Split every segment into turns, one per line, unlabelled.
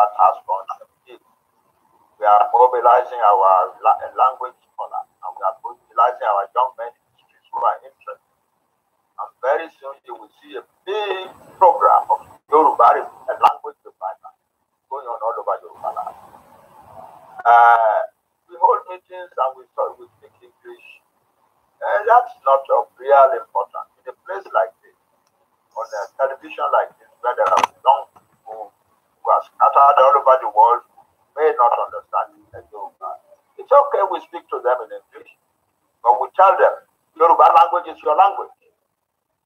that has We are mobilizing our la eh, language scholar and we are mobilizing our young men who are interested. And very soon you will see a big program of Yoruba, a eh, language revival going on all over Yoruba land. Uh, we hold meetings and we, talk, we speak English. And eh, that's not of real importance. In a place like this, on a television like this, where there are young scattered all over the world may not understand Yoruba. It's okay we speak to them in English, but we tell them Yoruba language is your language.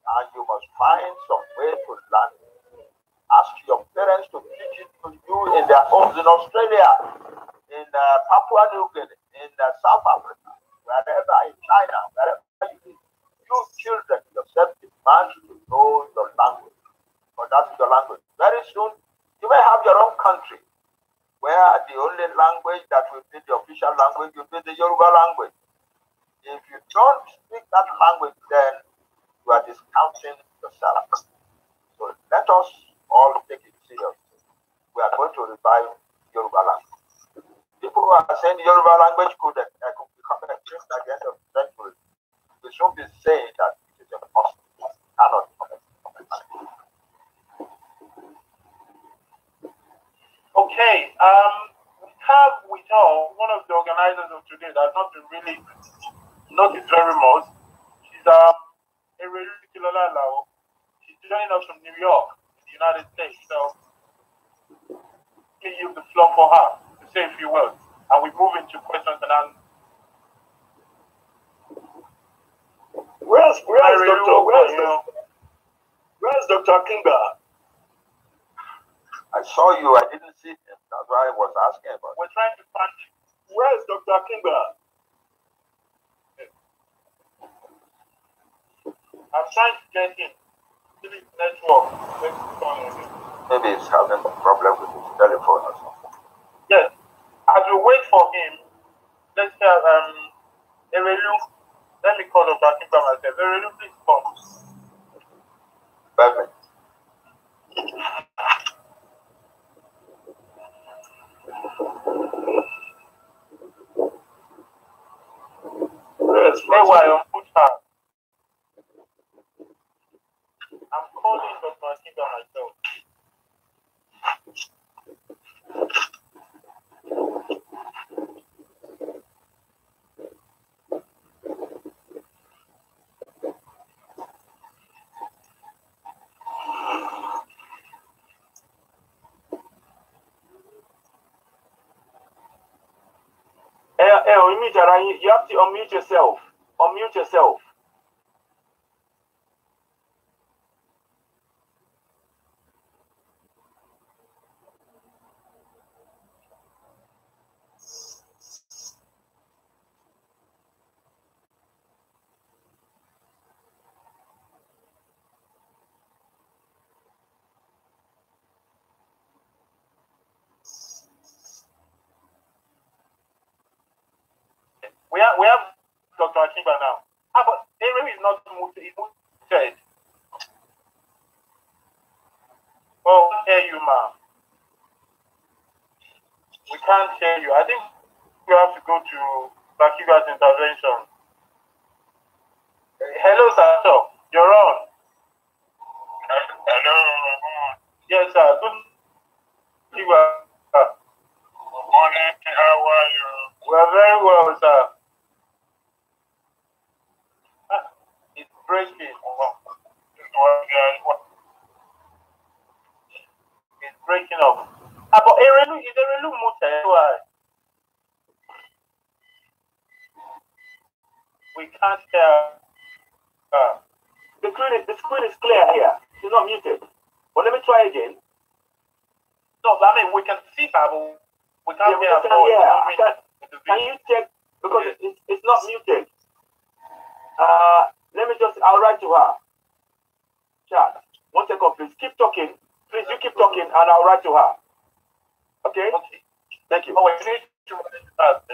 And you must find some way to learn it. Ask your parents to teach it to you in their homes in Australia, in uh, Papua New Guinea, in uh, South Africa, wherever in China, wherever you live. You children yourself demand to know your language. But that's your language. Very soon, you may have your own country where the only language that will be the official language will be the Yoruba language. If you don't speak that language, then you are discounting yourself. So let us all take it seriously. We are going to revive Yoruba language. People who are saying Yoruba language could, uh, could become extinct at the end of the century, should be saying that it is impossible. Cannot be Okay. Um, we have with us one of the organizers of today that not been really noticed very much. She's um, Erelu Kilolalao. She's joining us from New York, the United States. So, give you the floor for her to say a few words. And we move into questions and answers. Where's, Where's, Dr. Where's Dr. Kinga? I saw you. I didn't see him. That's why I was asking about. We're trying to find him. Where is Dr. Kimber? I'm trying to get him. Maybe his network. Maybe he's having a problem with his telephone or something. Yes. As we wait for him, let's have uh, um, Erelu. Let me call Dr. Kimber myself. Erelu, please come. Meanwhile you have to unmute yourself. Unmute yourself. can't hear you. I think you have to go to Bakiba's intervention. We can see Bible. We can't yeah, hear can, voice. Yeah. Can, can you check? Because yeah. it's, it's not muted. Uh, let me just, I'll write to her. Chat. One second, please. Keep talking. Please, you keep talking, and I'll write to her. Okay? Okay. Thank you. Oh, wait,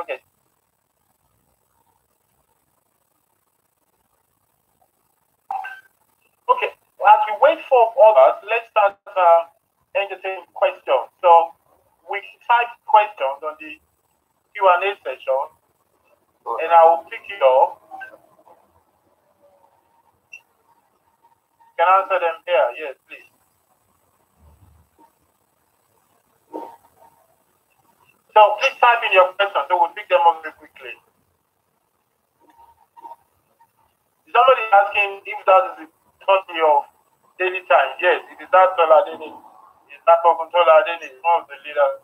Okay. type in your question, they will pick them up very quickly. Somebody asking if that is not your daily time. Yes, it is that Tola Adeni. It's that Tola Adeni, one of the leaders.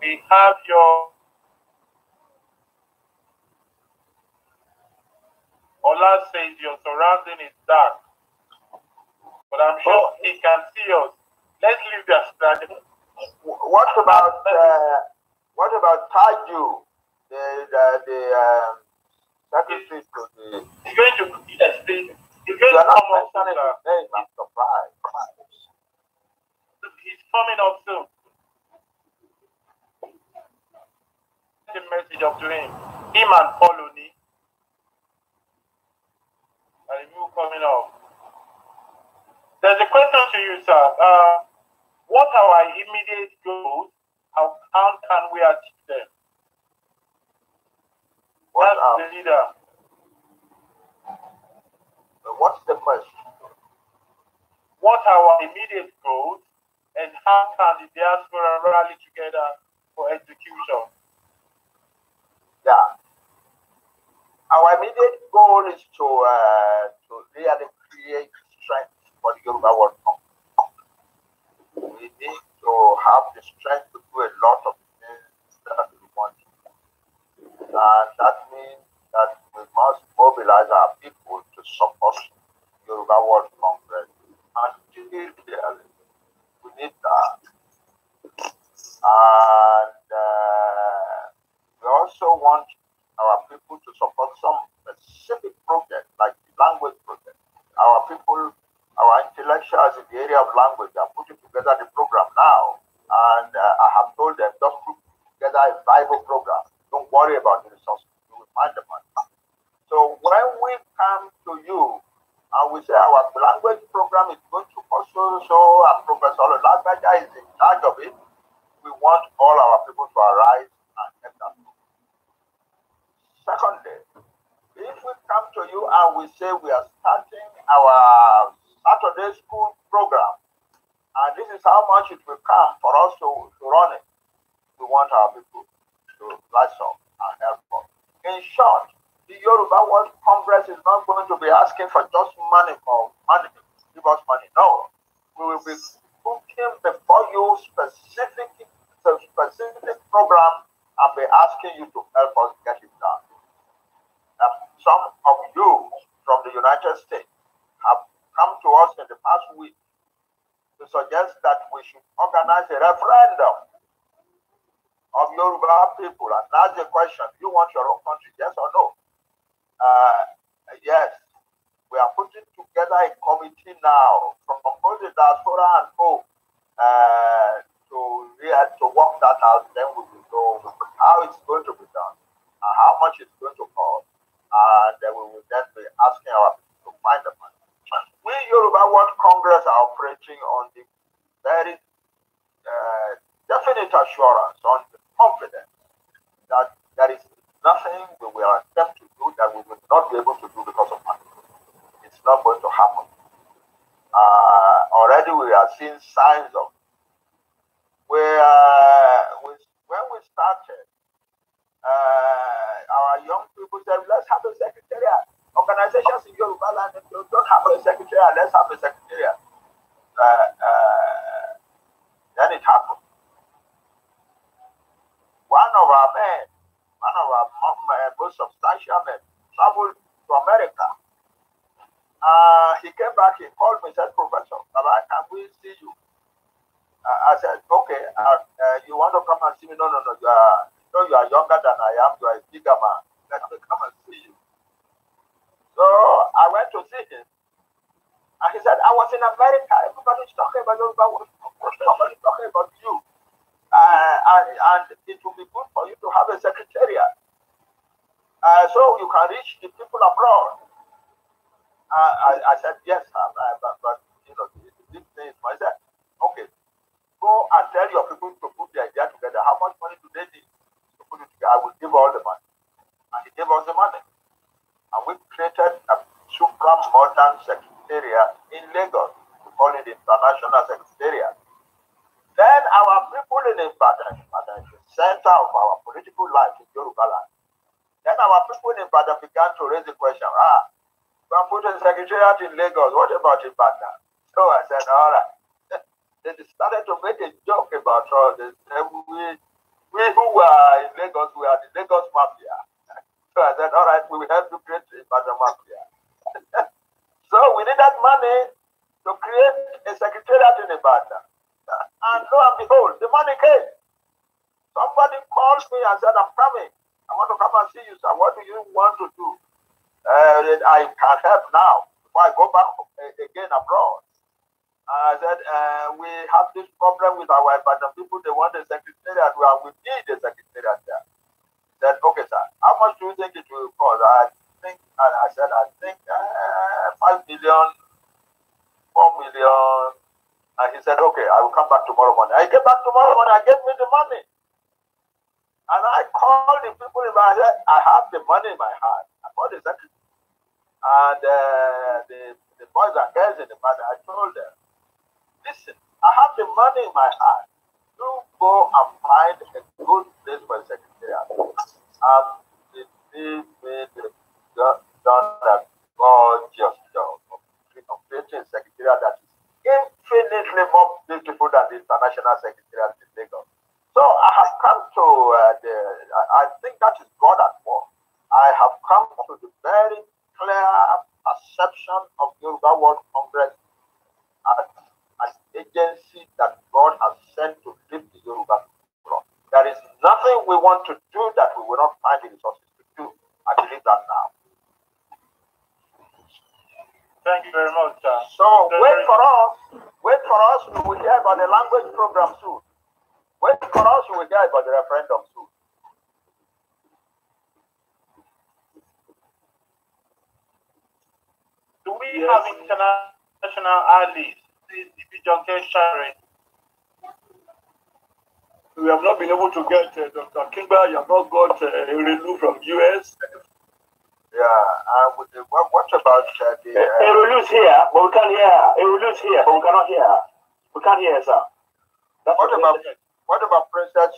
We have your Allah says your surrounding is dark. But I'm sure he can see us. Let's leave that strategy. What about uh, what about Taju? The the, the um, that is it. The, he's going to He's going to come up soon. I'm surprised. He's coming up soon. The message up to him, him and Colony, and he will coming up. There's a question to you, sir. Uh, what are our immediate goals and how can we achieve them? What That's are, the leader. Uh, what's the question? What are our immediate goals and how can the diaspora rally together for execution? Yeah. Our immediate goal is to, uh, to really create for the Yoruba We need to have the strength to do a lot of things that we want to do. And that means that we must mobilize our people to support Yoruba World Congress. And we need that. And uh, we also want our people to support some specific projects. of language is not going to be asking for just money or money, give us money. No, we will be looking before you specific, specific program and be asking you to help us get it done. some of you from the United States have come to us in the past week to suggest that we should organize a referendum of Yoruba people and ask the question, you want your own committee now from the diaspora and hope uh, to yeah, to work that out. Then we will know how it's going to be done and how much it's going to cost. And then we will then be asking our people to find the money. We Yoruba what Congress are operating you are younger than I am, you are a bigger man. Let me come and see you. So I went to see him. And he said, I was in America. Everybody's talking about you. Everybody's talking about you. Uh, and, and it will be good for you to have a secretariat. Uh, so you can reach the people abroad. Uh, I, I said, yes, sir, but, but you know, this thing is myself. Okay, go and tell your people to put their idea together. How much money do they need? put it together, I will give all the money. And he gave us the money. And we created a supra-modern secretariat in Lagos. We call it International Secretariat. Then our people in Ibadan, Ibadan the center of our political life in Yoruba Then our people in Ibadan began to raise the question, ah, we are putting secretariat in Lagos, what about Ibadan? So I said, all right. they started to make a joke about all this. we who were in Lagos we are the Lagos mafia. so I said, all right, we will help you create the Ibadan mafia. so we needed money to create a secretariat in Ibadan. And lo and behold, the money came. Somebody calls me and said, I'm coming. I want to come and see you, sir. What do you want to do? Uh, I can help now before I go back eh, again abroad. I uh, said, uh, we have this problem with our Ibadan people. They want a secretariat. Well, we need a secretariat there. Then okay, sir, how much do you think it will cost? I think, and I said, I think uh, 5 million, 4 million. And he said, okay, I will come back tomorrow morning. I came back tomorrow morning. I gave me the money. And I called the people in my head. I have the money in my hand. I called the secretary. And uh, the, the boys and girls in the matter, I told them, Listen, I have the money in my hand. You go and find a good place for secretariat. secretary. the day the done that gorgeous job of creating a secretariat that is infinitely more beautiful than the international secretariat in Lagos. So I have come to uh, the, I think that is God at work. I have come to the very clear perception of Yoruba World Congress as agents é Shire. We have not been able to get uh, Dr. Kimber. You have not got uh, Erelu from US. Yeah, uh, what, what about uh, the... Uh, Erelu's here, but we can't hear. Erelu's here, but we cannot hear. We can't hear, sir. That's what about what about Princess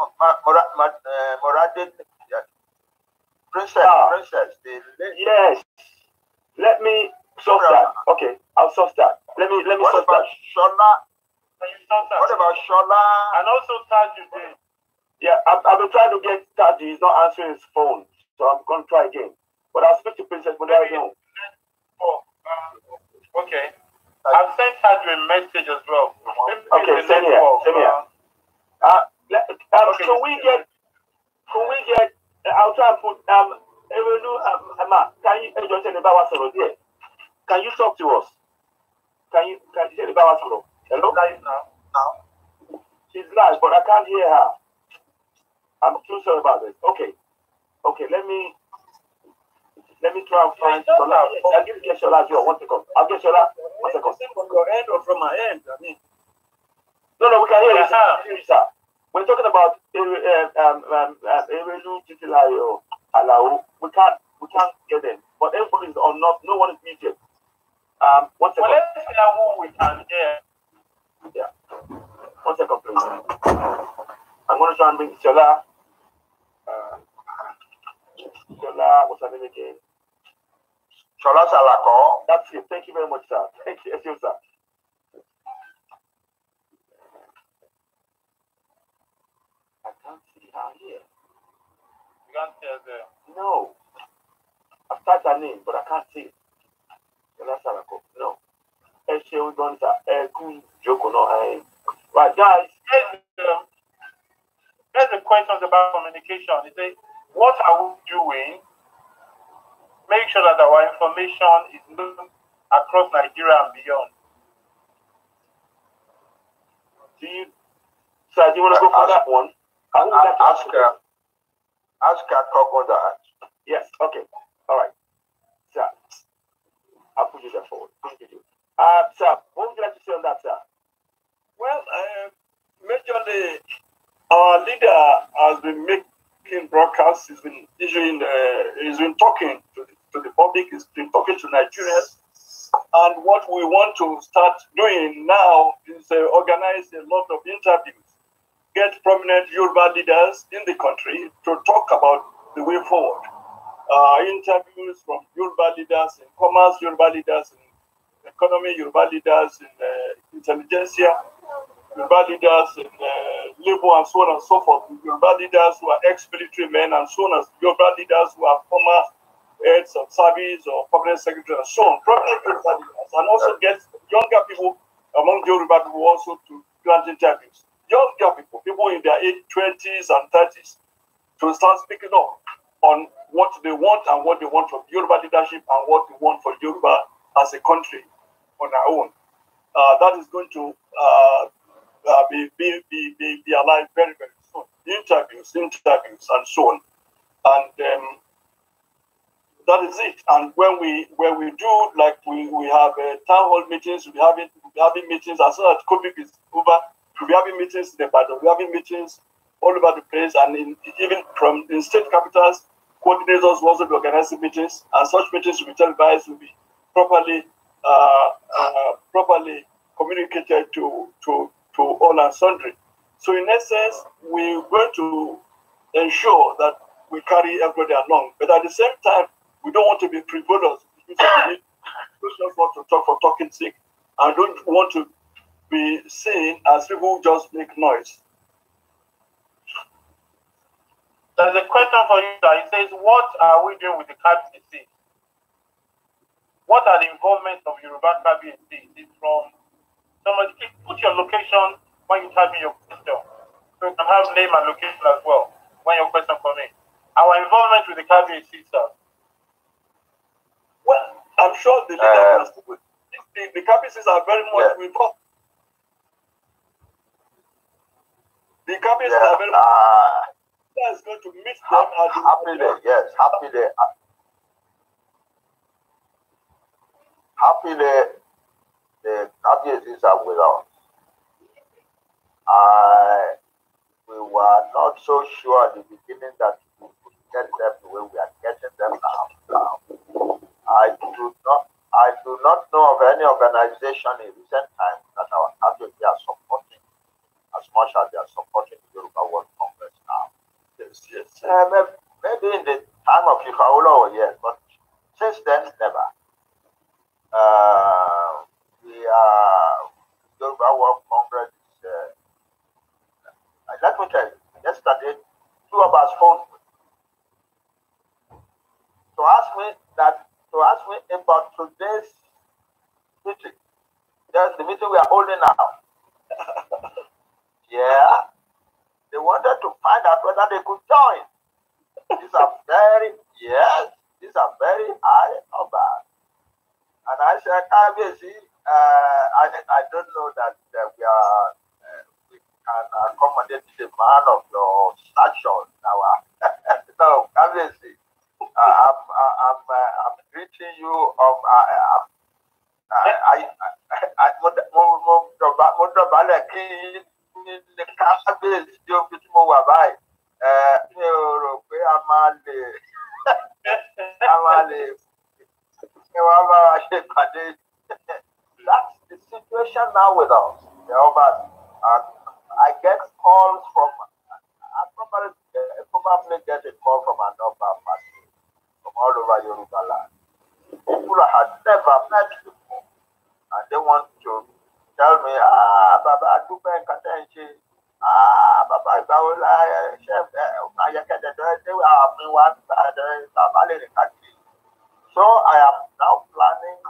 uh, Moradin? Princess, ah, princess. The, yes. Let me Soft that. Okay, I'll soft that. Let me let me what soft that. Shola? What about Shola? And also Taji Yeah, I've, been trying to get Taji. He's not answering his phone, so I'm gonna try again. But I'll speak to Princess Mudari now. Oh, uh, okay. I've sent Taji a message as well. Okay, send here. Send here. Uh, uh um, okay, can we get? Can we get? I'll try and put um. Erelu Ama, um, can you just send about what's over there? Can you talk to us? Can you can you hear the wa sọ̀rọ̀? Hello? Live now. Now. She's live, but I can't hear her. I'm too sorry about this. Okay. Okay, let me let me try and find yeah, Shola. I'll give get Shola here. One second. I'll get Shola. One second. From your end or from my end? I mean. No, no, we can hear you, sir. Uh-huh. sir. We're talking about um, um, um, Erelu Titilayo Alao. We can't, we can't get them. But everybody is on not. No one is muted. Um, one second. Well, let's hear what we can hear. Yeah. One second, please. I'm going to try and bring Shola. Uh, Shola, what's her name again? Shola Salako. That's it. Thank you very much, sir. Thank you. Thank you sir. I can't see her here. You can't see her there? No. I've typed her name, but I can't see lásàlàkọ náà ẹ ṣeun dọ́ńtà ẹ kú ìjókòó náà ẹ wà guys here's a question about communication he say what are we doing make sure that our information is known across Nigeria and beyond. Do you, sir, do you want to go for that one? Ask, ask, ask, ask, ask, ask, ask, ask, ask, ask, ask, Thank you. Uh, sir, what would you like to say on that, sir? Well, uh, majorly, our leader has been making broadcasts, he's been issuing, uh, he's been talking to the, to the public, he's been talking to Nigerians. And what we want to start doing now is uh, organize a lot of interviews, get prominent Yoruba leaders in the country to talk about the way forward uh, interviews from Yoruba leaders in commerce, Yoruba leaders in economy, Yoruba leaders in uh, intelligentsia, Yoruba leaders in uh, labor, and so on and so forth. Yoruba leaders who are ex-military men, and so on as Yoruba leaders who are former heads of service or permanent secretaries, and so on. Prominent Yoruba leaders, and also get younger people among Yoruba people also to grant interviews. Younger people, people in their 20s and 30s, to start speaking up on what they want and what they want from Yoruba leadership and what they want for Yoruba as a country on our own. Uh, that is going to uh, uh, be, be, be, be, be alive very, very soon. Interviews, interviews, and so on. And um, that is it. And when we when we do like we, we have uh, town hall meetings, we having we having meetings as soon as COVID is over, we having meetings in the battle, we having meetings all over the place, and in, even from in state capitals, coordinators will also be organizing meetings, and such meetings will be televised, will be properly uh, uh, properly communicated to, to, to all and sundry. So in essence, we're going to ensure that we carry everybody along. But at the same time, we don't want to be frivolous. We don't want to talk for talking sake. and don't want to be seen as people who just make noise. question for you that says, what are we doing with the KBC? What are the involvement of Yoruba KBC? Is it from somebody? Put your location when you type in your question. So you can have name and location as well when your question comes in. Our involvement with the KBC, sir. Well, I'm sure the leader uh, the, the KBCs are very much yeah. involved. The KBCs yeah. are very much uh, going to meet them at the Happy day, yes, happy day. Happy day, the Nazis are with us. I, we were not so sure at the beginning that we could get them the way we are getting them now. I do not I do not know of any organization in recent times that our Catholics are supporting as much as they are supporting the Yoruba world. Yes, uh, maybe in the time of Ifaolo, yes, but since then, never. Uh, the Yoruba World Congress uh, uh, let me tell you, yesterday, two of us phoned me to ask me that, to ask me about today's meeting. That's the meeting we are holding now. yeah. They wanted to find out whether they could join. These are very, yes, these are very high numbers. And I said, obviously, uh, I, I don't know that uh, we are uh, we can accommodate the man of your stature now. no, obviously, uh, I'm, I'm, uh, I'm greeting you. Um, I, I'm, I, I, I, I, mo, mo, mo, mo, mo, mo, mo, mo, mo, ní ní kábíyèsí tí ó fi tí mo wà báyìí mi ò rò pé a máa lè a máa lè kí wọ́n bá wa ṣe pàdé that's the situation now with us the obas and I get calls from I probably, I probably get a call from a number party from all over Yoruba land people I had never met before and they want to tell me bàbá àdúpẹ́ kàtẹ́ ń ṣe bàbá ìgbàwọ́ láyé ṣe ayẹkẹ́dẹ̀ tó ẹ dé ààfin wa bàbá lè rìn káàkiri so I am now planning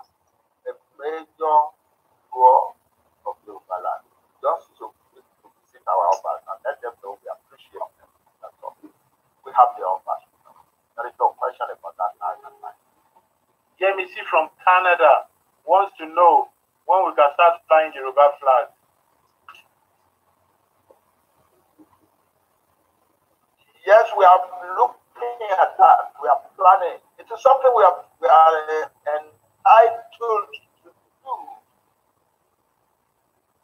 a major tour of the land just to to visit our elders and let them know we appreciate them that's we have the elders there is no question about that now and now. Yemisi from Canada wants to know when we can start flying Yoruba flag. Yes, we are looking at that. We are planning. It is something we are, we are uh, entitled to do.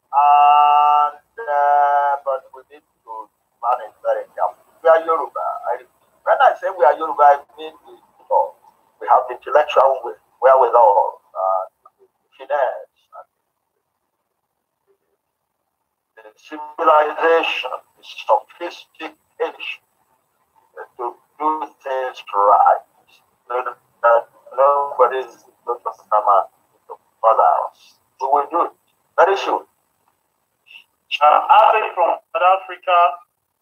And, uh, but we need to manage very carefully. We are Yoruba. I, when I say we are Yoruba, I mean we, talk. we have the intellectual wherewithal, uh, finesse, civilization, sophistication to do things right. So that nobody's going to come to follow us. We will do it. Very soon. Uh, Abed from South Africa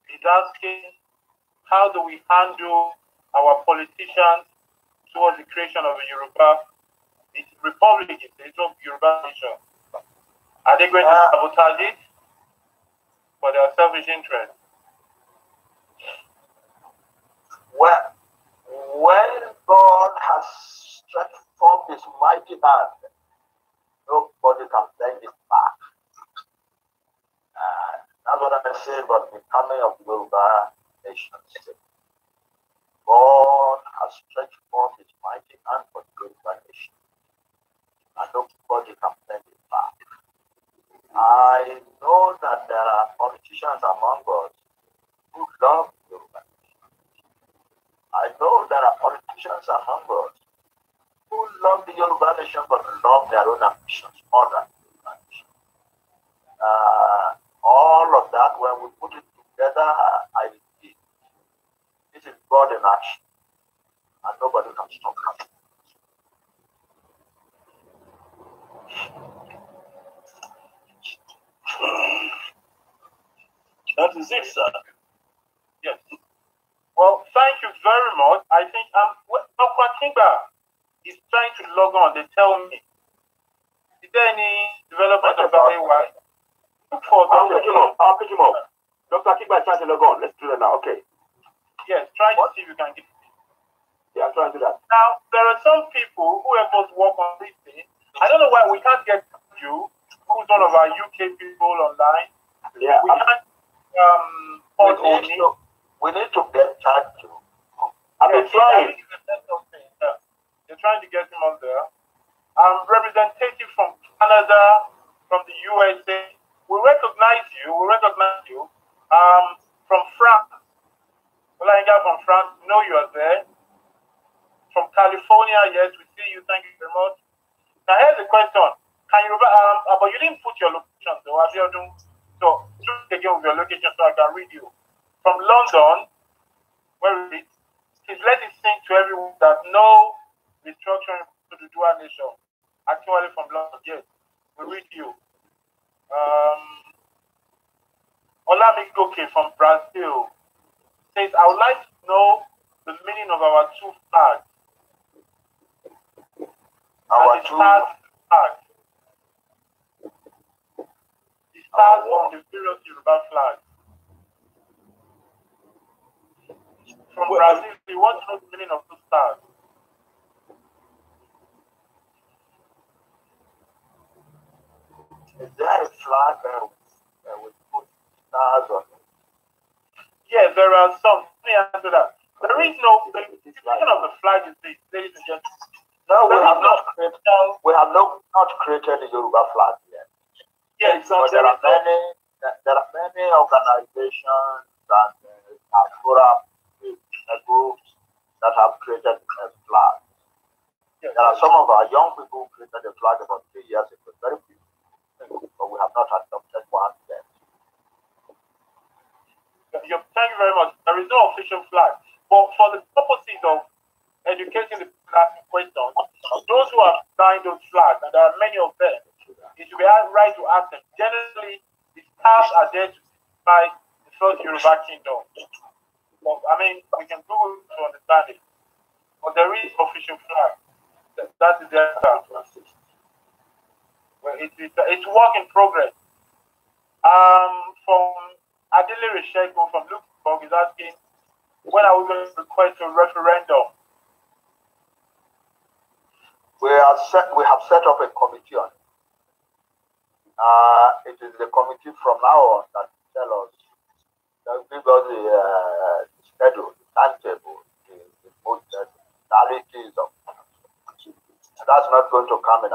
is asking, how do we handle our politicians towards the creation of a Yoruba republic, the Yoruba nation? Are they going to uh, sabotage it for their selfish interest? Well, when God has stretched forth his mighty hand, nobody can bend it back. Uh, that's what I'm about the coming of global nations. God has stretched forth his mighty hand for the global nation. And nobody can bend it back. I know that there are politicians among us who love global I know that our politicians are humble. who love the Yoruba nation but love their own ambitions more than nation. Uh, all of that, when we put it together, I it is God in action, and nobody can stop that. That is it, sir. Akuba is trying to log on. They tell me, is there any development about AY? Look for I'll pick him up. I'll pick him up. Dr. Akiba is trying to log on. Let's do that now. Okay. Yes, try what? to see if you can get it. Yeah, try to do that. Now, there are some people who have just work on this thing. I don't know why we can't get you, who's one of our UK people online. Yeah. We I'm, can't um, we need, to, we need to get chat to. I've been trying. They're trying to get him on there. I'm representative from Canada, from the USA. We recognize you. We recognize you. Um, from France. Olainga from France. We know you are there. From California, yes, we see you. Thank you very much. Now here's the question. Can you um, uh, but you didn't put your location though, have you done so just again with your location so I can read you. From London, where is it? He's letting sing to everyone that no instruction to the dual nation, actually from London. Yes, we read you. Um, Olamigoke from Brazil says, I would like to know the meaning of our two flags. Our two flags. The stars on the various Yoruba flags. From Brazil, we want to know the meaning of two stars. Is there a flag that with, put stars on it? Yes, there are some. Let me answer that. There is no the definition of the flag is this, ladies and gentlemen. No, we have not, created, no. we have not, not created the Yoruba flag yet. Yeah, exactly. But there are many there are many organizations and uh, forums, uh, groups that have created a flag. Yes. There are some of our young people who created a flag about three years ago. Very few but we have not adopted one yet. Thank you very much. There is no official flag. But for the purposes of educating the people asking questions, those who have signed those flags, and there are many of them, it should be right to ask them. Generally, the staff are there to by the first Yoruba kingdom. allow that tell us, just give us the, uh, the schedule, the timetable, the, the, the modalities of. And that's not going to come in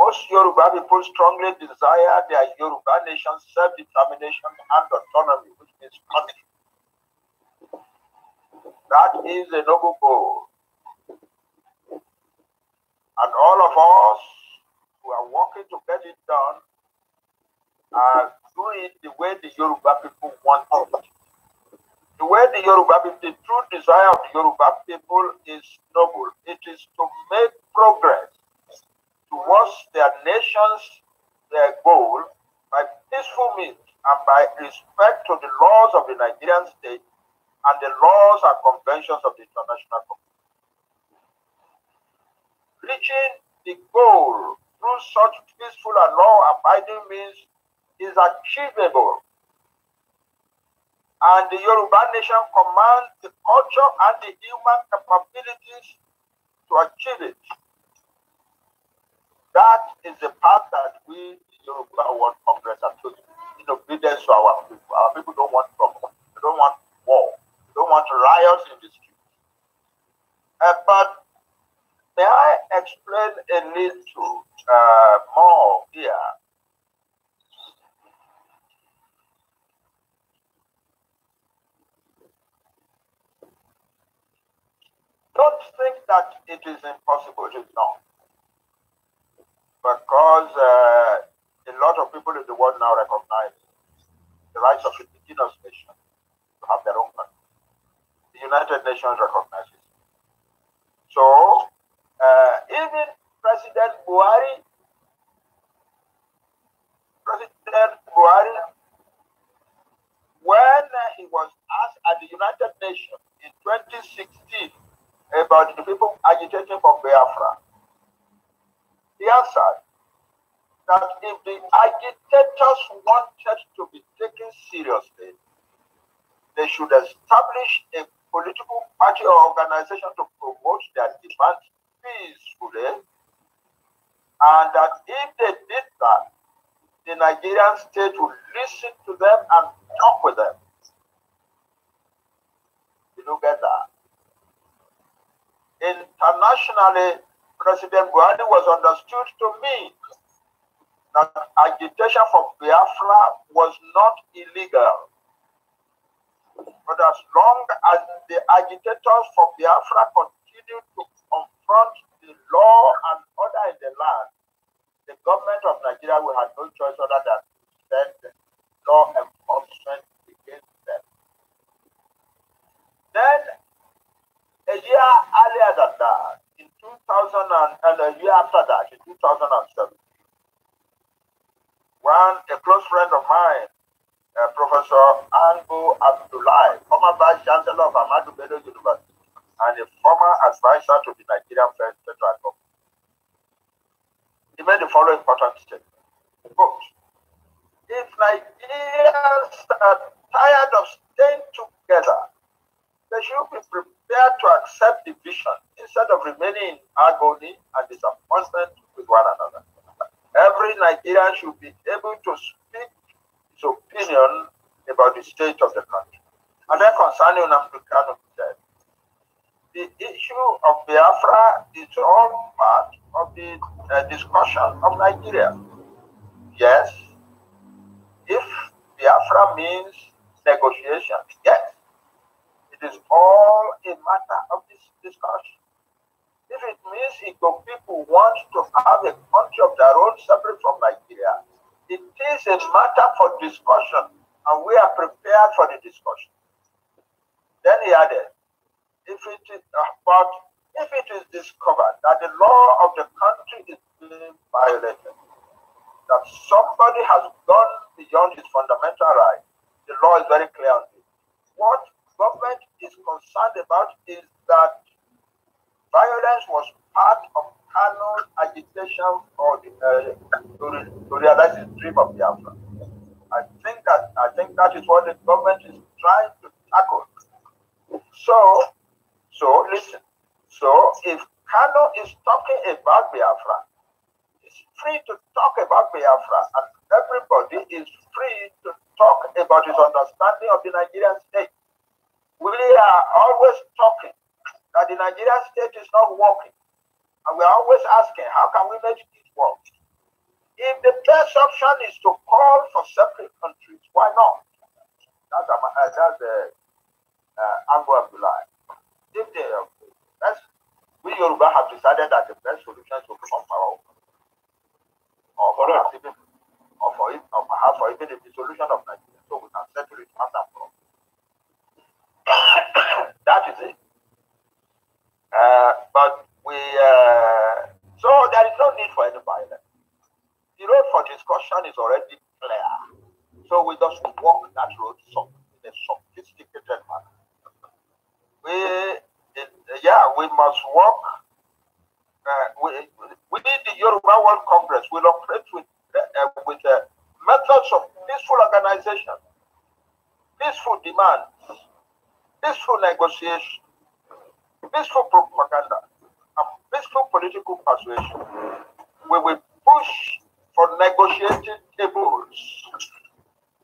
Most Yoruba people strongly desire their Yoruba nation's self-determination and autonomy, which means country. That is a noble goal. And all of us who are working to get it done are doing it the way the Yoruba people want it. The way the Yoruba people, the true desire of the Yoruba people is noble. It is to make progress towards their nation's their goal by peaceful means and by respect to the laws of the Nigerian state and the laws and conventions of the international community. Reaching the goal through such peaceful and law-abiding means is achievable. And the Yoruba nation commands the culture and the human capabilities to achieve it. That is the path that we Yoruba want. Congress are taking in obedience to our people. Our people don't want problems. They don't want war. They don't want riots in the streets. Uh, but may I explain a little uh, more here? Don't think that it is impossible. It is not because uh, a lot of people in the world now recognize the rights of indigenous nations to have their own country. The United Nations recognizes it. So, uh, even President Buhari, President Buhari, when he was asked at the United Nations in 2016 about the people agitating for Biafra, the answer that if the agitators wanted to be taken seriously, they should establish a political party or organization to promote their demands peacefully, and that if they did that, the Nigerian state would listen to them and talk with them. You do get that. Internationally, President Buhari was understood to mean that agitation for Biafra was not illegal. But as long as the agitators for Biafra continued to confront the law and order in the land, the government of Nigeria will have no choice other than to send law enforcement against them. Then, a year earlier than that, 2000 and, and a year after that, in 2007, one a close friend of mine, uh, Professor Ango Abdullahi, former Vice Chancellor of Ahmadu Bello University and a former advisor to the Nigerian Federal Government, he made the following important statement. Quote, if Nigerians are tired of staying together, they should be prepared prepared to accept division instead of remaining in agony and disappointment with one another. Every Nigerian should be able to speak his opinion about the state of the country. And then concerning African said, the issue of Biafra is all part of the uh, discussion of Nigeria. Yes, if Biafra means negotiation, yes, it is all a matter of this discussion. If it means Igbo people want to have a country of their own separate from Nigeria, it is a matter for discussion, and we are prepared for the discussion. Then he added, if it is about uh, if it is discovered that the law of the country is being violated, that somebody has gone beyond his fundamental right, the law is very clear on this. What government is concerned about is that violence was part of Kano's agitation for the, uh, to, realize his dream of Biafra. I think that I think that is what the government is trying to tackle. So, so listen. So if Kano is talking about Biafra, he's free to talk about Biafra, and everybody is free to talk about his understanding of the Nigerian state. we are always talking that the Nigerian state is not working. And we are always asking, how can we make it work? If the best option is to call for separate countries, why not? That's, a, that's the uh, angle of the line. If the uh, best, we Yoruba have decided that the best solution is to come for our or perhaps even, or, for, or perhaps or even if the solution of Nigeria, so we can settle it once and for all. that is it. Uh, but we, uh, so there is no need for any violence. The road for discussion is already clear. So we just walk that road in a sophisticated manner. We, it, uh, yeah, we must walk. Uh, we, we need the Yoruba World Congress. We'll operate with, uh, with uh, methods of peaceful organization, peaceful demand, peaceful negotiation, peaceful propaganda, and peaceful political persuasion, we will push for negotiating tables.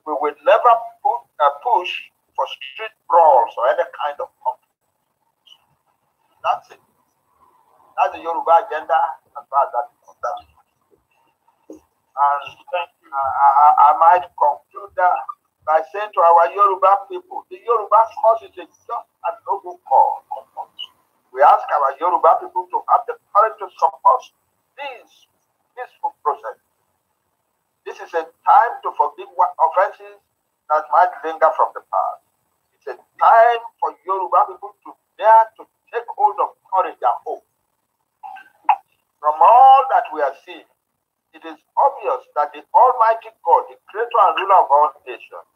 We will never put, uh, push for street brawls or any kind of conflict. That's it. That's the Yoruba agenda as far as that is concerned. And uh, I, I might to our Yoruba people. The Yoruba cause is just and noble cause. We ask our Yoruba people to have the courage to support this peaceful process. This is a time to forgive offenses that might linger from the past. It's a time for Yoruba people to dare to take hold of courage and hope. From all that we are seeing, it is obvious that the Almighty God, the creator and ruler of all nations,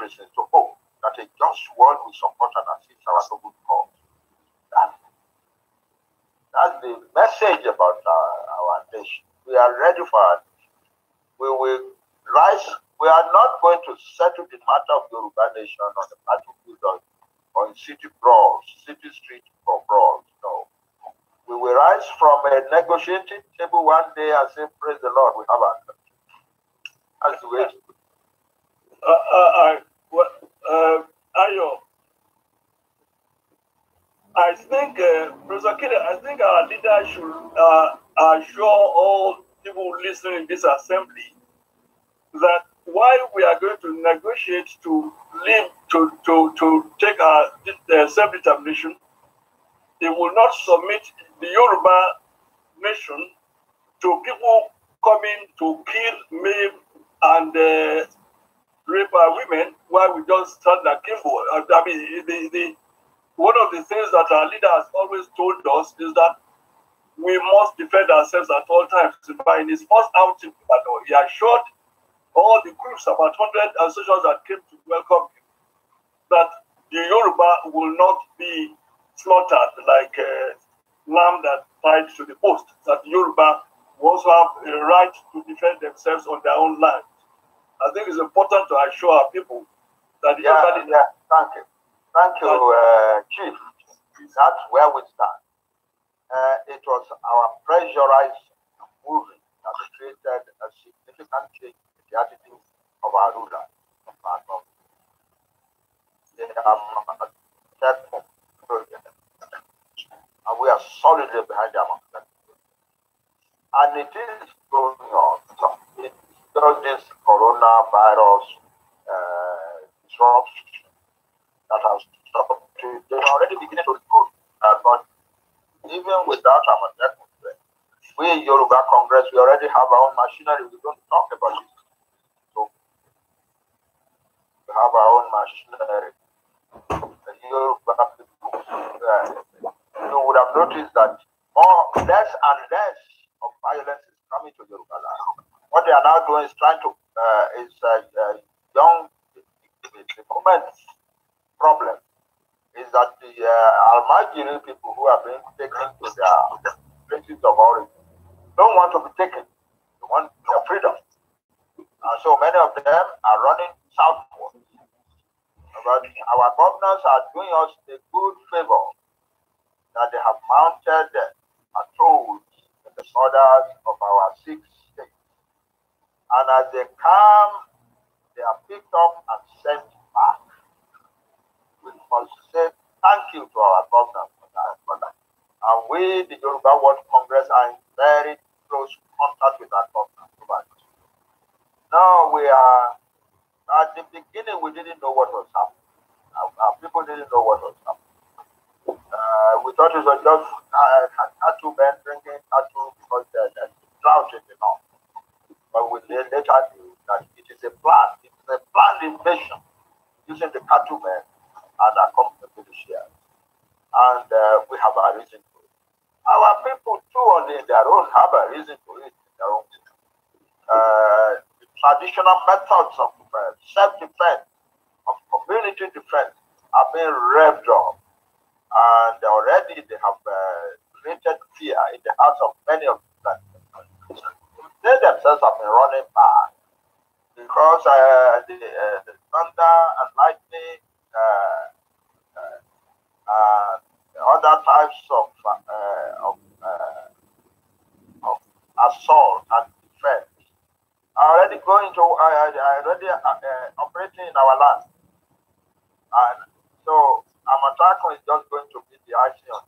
generation to hope oh, that a just world will support and assist our noble cause. That's, that's the message about our, uh, our nation. We are ready for our nation. We will rise. We are not going to settle the matter of Yoruba nation on the battlefield or on city brawls, city street brawls. No. We will rise from a negotiating table one day and say, Praise the Lord, leader should uh, assure all people listening in this assembly that while we are going to negotiate to leave to, to, to take our uh, self-determination, they will not submit the Yoruba nation to people coming to kill, me and uh, rape our women while we just stand and kill uh, I mean, the, the, one of the things that our leader has always told us is that we must defend ourselves at all times. In his first outing, he assured all the groups, about 100 associations that came to welcome him, that the Yoruba will not be slaughtered like a uh, lamb that tied to the post, that the Yoruba also have a right to defend themselves on their own land. I think it's important to assure our people that yeah, yeah, thank you. Thank you, uh, Chief. That's where we stand uh, it was our pressurized movie that created a significant change in the attitudes of our rulers of our government. They are careful and we are solidly behind them. And it is going on. It's does this coronavirus uh, disruption that has stopped. They are already beginning to go. Uh, even without our Amotekun we in Yoruba Congress, we already have our own machinery. We don't talk about it. So we have our own machinery. The Yoruba people uh, you would have noticed that more, less and less of violence is coming to Yoruba land. What they are now doing is trying to uh, is uh, uh young the, problems. problem is that the uh, Almajiri people who are being taken to their places of origin don't want to be taken. They want their freedom. And so many of them are running southward. But our governors are doing us a good favor that they have mounted patrols in the borders of our six states. And as they come, they are picked up and sent but say thank you to our government for that. For that. And we, the Yoruba World Congress, are in very close contact with our government. Now we are, at the beginning, we didn't know what was happening. Our, our people didn't know what was happening. Uh, we thought it was just uh, tattoo men drinking tattoo because there's a drought in the north. But we later knew that it is a plan. It is a planned invasion using the tattoo men other companies here. And uh, we have a reason for it. Our people, too, on their own, have a reason for it in their own way. Uh, the traditional methods of uh, self defense, of community defense, are being revved up. And already they have uh, created fear in the hearts of many of them. They themselves have been running back because uh, the, uh, the thunder and lightning uh, uh, other types of uh, of, uh, of assault and defense are already going to uh, already operating in our land, and so Amatako is just going to be the icing on,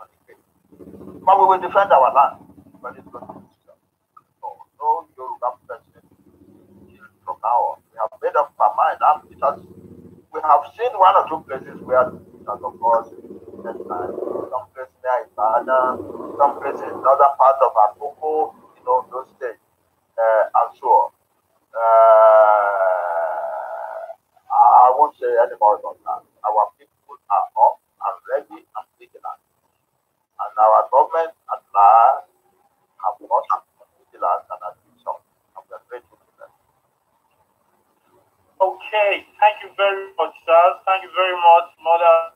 on the cake. But we will defend our land, but it's going to be so. No Yoruba president from now on. We have made up our mind, it has, we have seen one or two places where that of God Some places there in Bahana, some places in other part of Apoko, you know, those states, uh, and so on. Uh, I won't say any more about that. Our people are up and ready and vigilant. And our government at last have not been vigilant and attention. I'm grateful to them. Okay, thank you very much, sir. Thank you very much, Mother.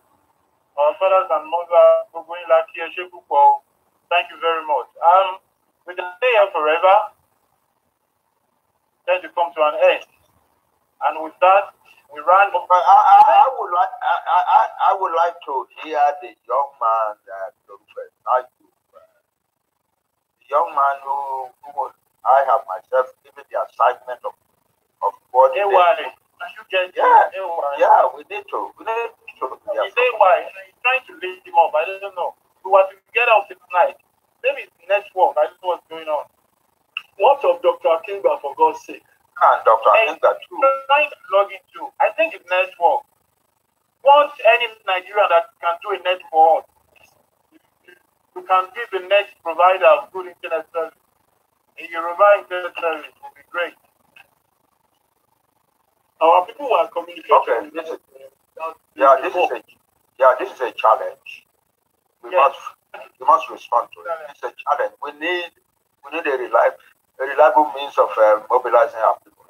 our fathers and mothers, gbogbo yín la kí ẹ Thank you very much. Um, we can stay here forever. Then to come to an end. And with that, we run. I, I, I would like, I, I, I would like to hear the young man that uh, the young man who, who was, I have myself given the assignment of of what. Hey, yeah, yeah, we need to. We need to. Yeah. He said why? He's trying to lead him up. I don't know. We were together on the night. Maybe it's network. I don't know what's going on. What of Dr. Akinga, for God's sake? And Dr. Akinga, too. trying to log into. I think it's network. Once any Nigerian that can do a network, for you can be the next provider of good internet service. In Yoruba internet service will be great. Our people were communicating. Okay, this is, yeah, this is a, yeah, this is a challenge. We yes. must we must respond to it. It's a challenge. We need we need a reliable a reliable means of uh, mobilizing our people.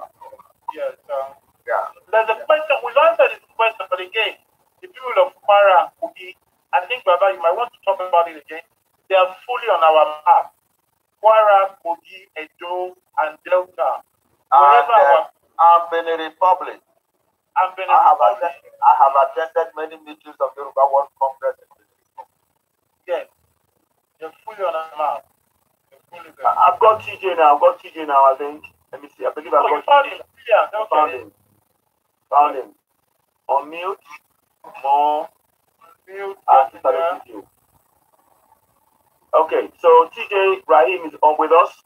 Yes. Um, yeah. There's a question. We'll answered this question, but again, the people of Kwara, Kogi, I think, Baba, you might want to talk about it again. They are fully on our map. Kwara, Kogi, Edo, and Delta. Wherever and, uh, I'm Benin Republic. I'm Benin I have Republic. Attended, I have attended many meetings of the Yoruba World Congress in Yes. You're fully on now. I've got TJ now. I've got TJ now, I think. Let me see. I believe I've oh, got found TJ. Him. Yeah, okay. Found him. Found him. On mute. More. Mute. I started with you. Okay, so TJ Rahim is on with us.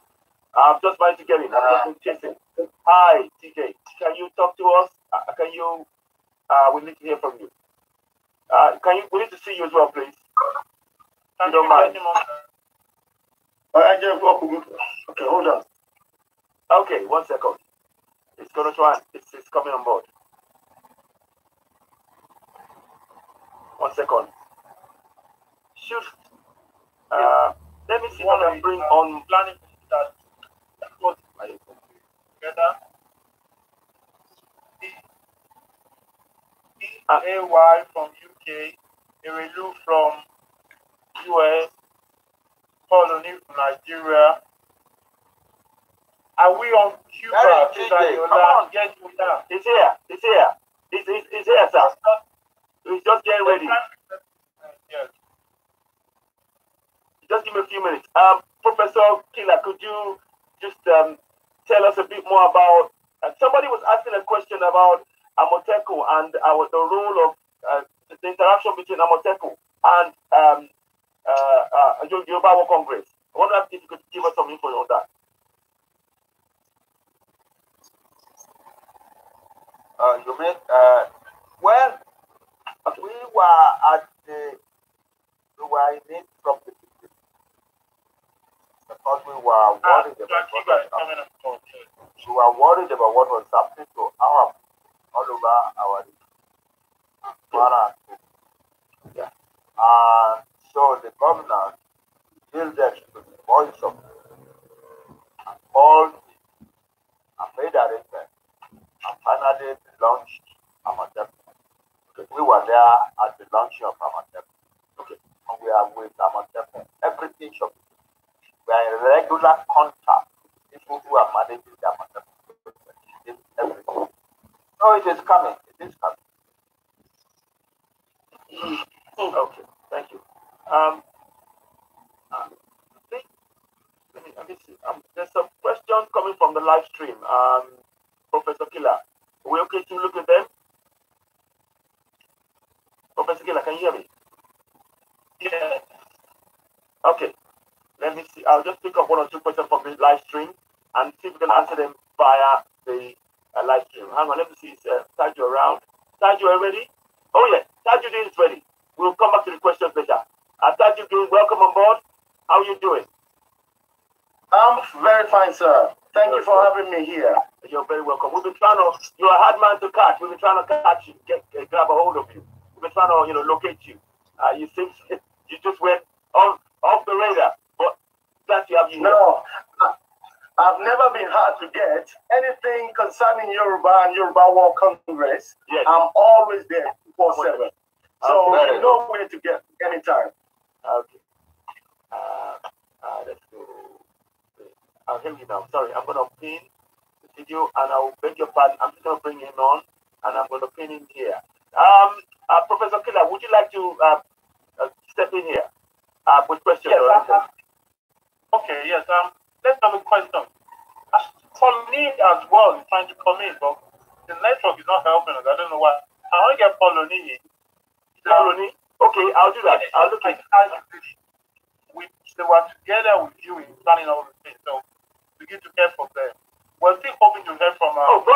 Uh, I'm just trying to get it. I'm just uh, chasing. Hi, TJ. Can you talk to us? Uh, can you? Uh, we need to hear from you. Uh, can you? We need to see you as well, please. you don't mind. All right, okay, hold on. Okay, one second. It's gonna try. It's, it's coming on board. One second. Shoot. Uh, let me see what I can bring on planning that together. AY from UK, Erelu from US, Colony from Nigeria. Are we on Cuba? Hey, Yola? Yes, we are. It's here. It's here. It's, it's, it's here, sir. It's just get ready. Yes. Just give me a few minutes. Um, Professor Killer, could you just um, tell us a bit more about. Uh, somebody was asking a question about Amoteco and our, uh, the role of uh, the interaction between Amoteco and um, uh, uh, Yoruba Congress. I wonder if you could give us some info on that. Uh, you mean, uh, well, worried about what was up your Yoruba and Yoruba World Congress, yes. I'm always there. Oh,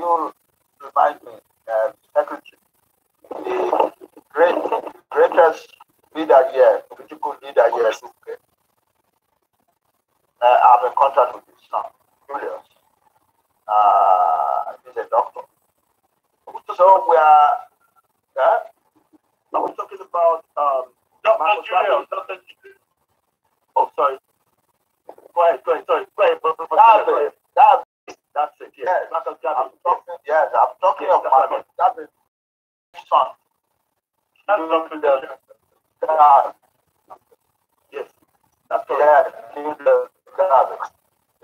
you remind me, uh, Secretary, the great, greatest leader here, political leader here is okay. uh, I'm in contact with his son, Julius. Uh, he's a doctor. So we are, yeah, uh, I was talking about um, Dr. Julius. Dr. Oh, sorry. Go ahead, go ahead, sorry. Go ahead, Professor. That's, That's it. Yes. yes. That's what I'm talking. Yes, I'm talking yes, of my that is son. That's something that. yes. That's correct. Yes, the God.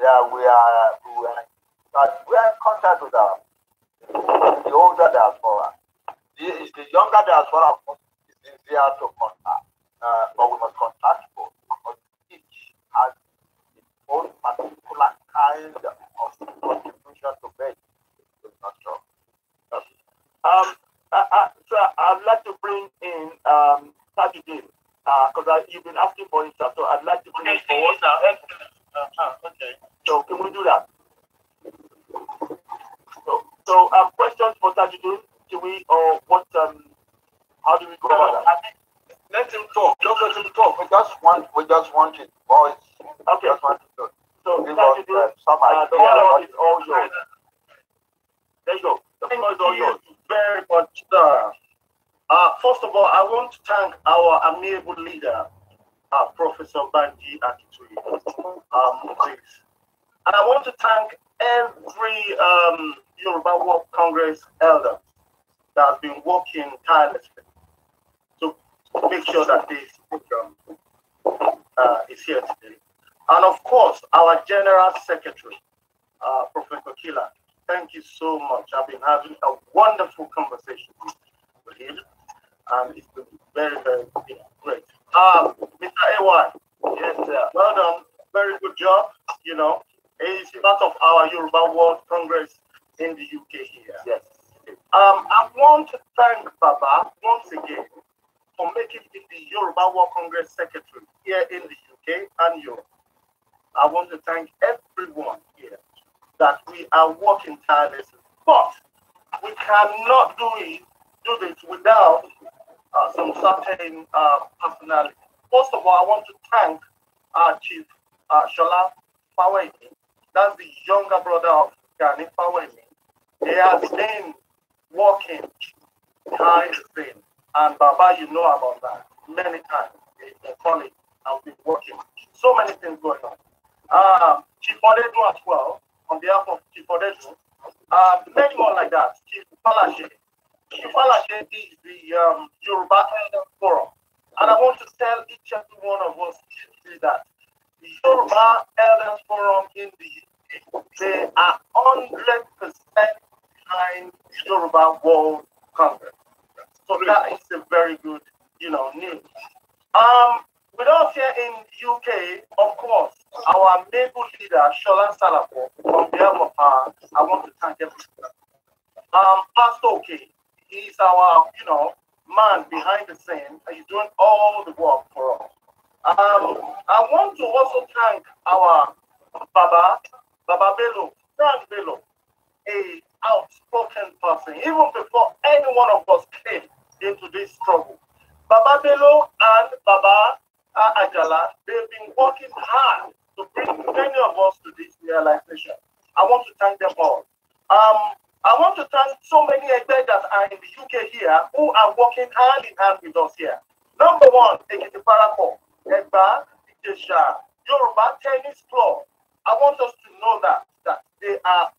Yeah, we are. We are. But we are in contact with our the older diaspora. The, it's the younger diaspora is easier to contact, uh, but we must contact both because each has own particular kind of contribution to make Um, I, uh, I, uh, so I'd like to bring in um, Sajidin, because uh, you've been asking for it, so I'd like to bring okay, it forward. Uh, okay. So can we do that? So, so um, questions for Tajidin? Do we, or what, um, how do we go about that? Let him talk. Just let him talk. We just want we just want it. Boys. Okay. We Just want to So give us uh, some idea about it all yours. There you go. The floor is all yours. Very much, sir. Uh, first of all, I want to thank our amiable leader, uh, Professor Banji Akitui. Um, uh, please. And I want to thank every um, Yoruba World Congress elder that has been working tirelessly make sure that this program uh, is here today. And of course, our General Secretary, uh, Professor Kila, thank you so much. I've been having a wonderful conversation with him, and it's been very, very been great. Uh, um, Mr. Ewan, yes, sir. well done. Very good job. You know, it's part of our Yoruba World Congress in the UK here. Yes. Um, I want to thank Baba once again for making him the Yoruba World Congress Secretary here in the UK and Europe. I want to thank everyone here that we are working tirelessly, but we cannot do it do this without uh, some certain uh, personality. First of all, I want to thank our Chief uh, Shola Faweni. That's the younger brother of Gani Faweni. He has been working behind the scenes and Baba, you know about that. Many times, the college, I've been watching. So many things going on. Um, Chief Odedu as well, on behalf of Chief Odedu. Uh, many more like that. Chief Falashe. Chief Falashe is the um, Yoruba Forum. And I want to tell each and every one of us that the Yoruba Elders Forum in the UK, they are 100% behind Yoruba World Congress. So that is a very good, you know, news. Um, with us here in UK, of course, our Maple leader, Shola Salapo, on behalf of her, I want to thank everyone. Um, Pastor OK, he's our, you know, man behind the scene. He's doing all the work for us. Um, I want to also thank our Baba, Baba Bello, Frank Bello, a outspoken person, even before any one of us came into this struggle. Baba Bello and Baba uh, Ajala, they've been working hard to bring many of us to this realization. I want to thank them all. Um, I want to thank so many Egbe that are in the UK here who are working hand in hand with us here. Number one, Ekiti Parako, Egba, Ikesha, Yoruba Tennis Club. I want us to know that, that they are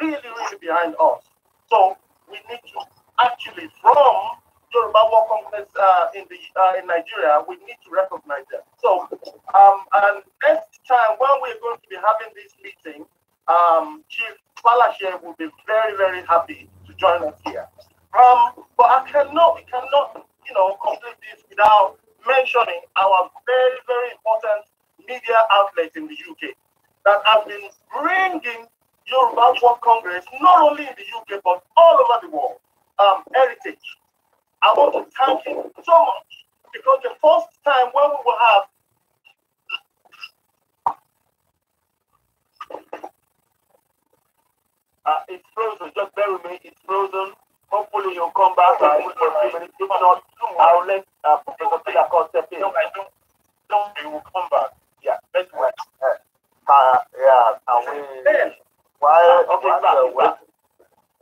really, really behind us. So we need to actually, from Yoruba War Congress uh, in the uh, in Nigeria, we need to recognize that. So, um, and next time when we're going to be having this meeting, um, Chief Falashe will be very very happy to join us here. Um, but I cannot, we cannot, you know, complete this without mentioning our very very important media outlet in the UK that have been bringing Yoruba World Congress not only in the UK but all over the world um, heritage I want to thank him so much because the first time when we will have Uh, it's frozen. Just bear with me. It's frozen. Hopefully you'll come back and we will finish. If not, I'll let uh, Professor Peter Cost step in. No, I don't. No, you will come back. Yeah, let's wait. Uh, uh yeah, and we, while, ah, okay, while, back, we're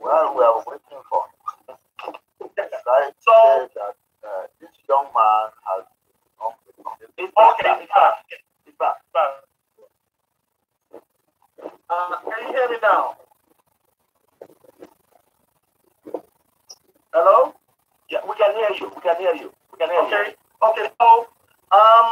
while we are waiting for So this young man has become okay. In fact, uh, can you hear me now? Hello? Yeah, we can hear you. We can hear you. We can hear you. Okay. So, um,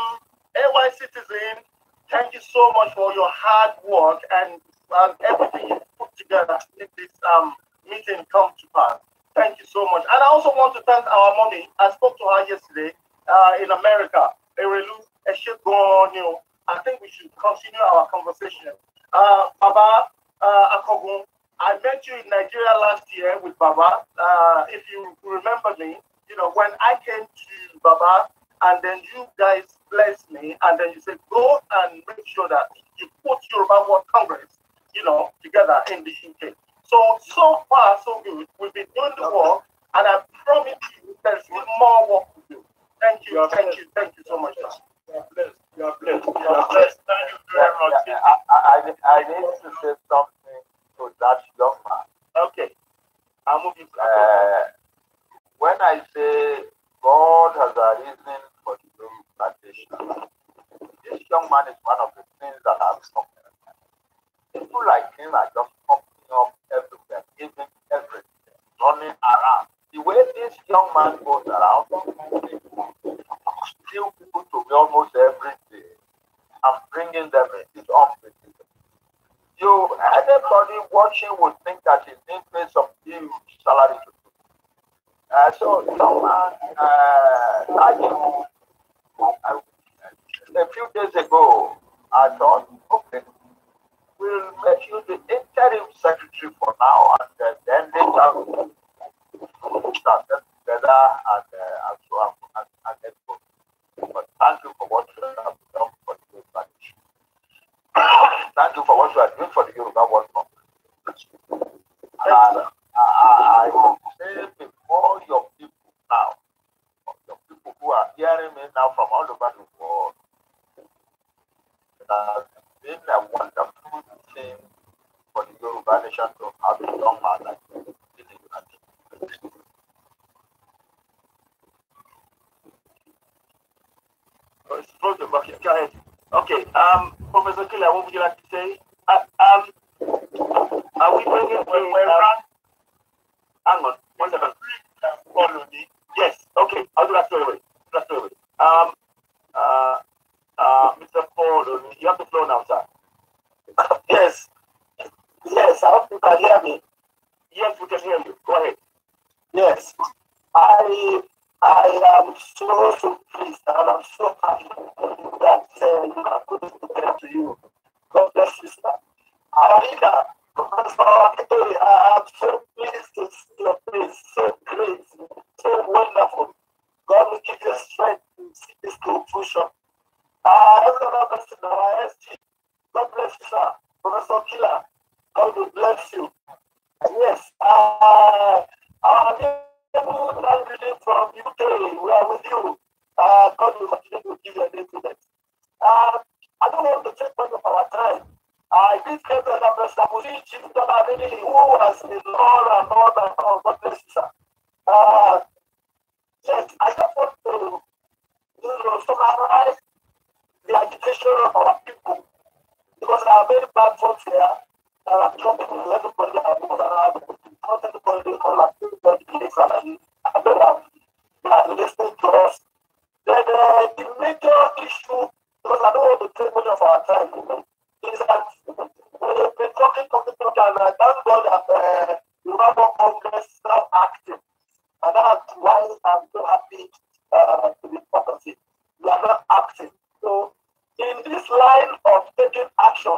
AY citizen, thank you so much for your hard work and, and um, everything you put together to make this um meeting come to pass. Thank you so much. And I also want to thank our mommy. I spoke to her yesterday uh, in America. Erelu know. I think we should continue our conversation. Uh, Baba uh, Akogun, I met you in Nigeria last year with Baba. Uh, if you remember me, you know, when I came to Baba, and then you guys blessed me, and then you said, go and make sure that you put your Baba Congress, you know, together in the UK. So, so far, so good. We've been doing the work, and I promise you there's more work to do. Thank you, you thank blessed. you, thank you so much. Sir. You are blessed. You are blessed. You are blessed. Thank you very much. Yeah, I, I, I need to say something to that young man. Okay. I'm moving. Uh, when I say God has a reason for the plantation, this young man is one of the things that I'm talking about. People like him are just up up everywhere, even everything, running around. The way this young man goes around, still people to me almost every day. I'm bringing them in. It's unbelievable. You, anybody watching would think that he's being paid some huge salary to uh, so someone uh, like you, I, a few days ago, I thought, okay, will, make you the interim secretary for now, and then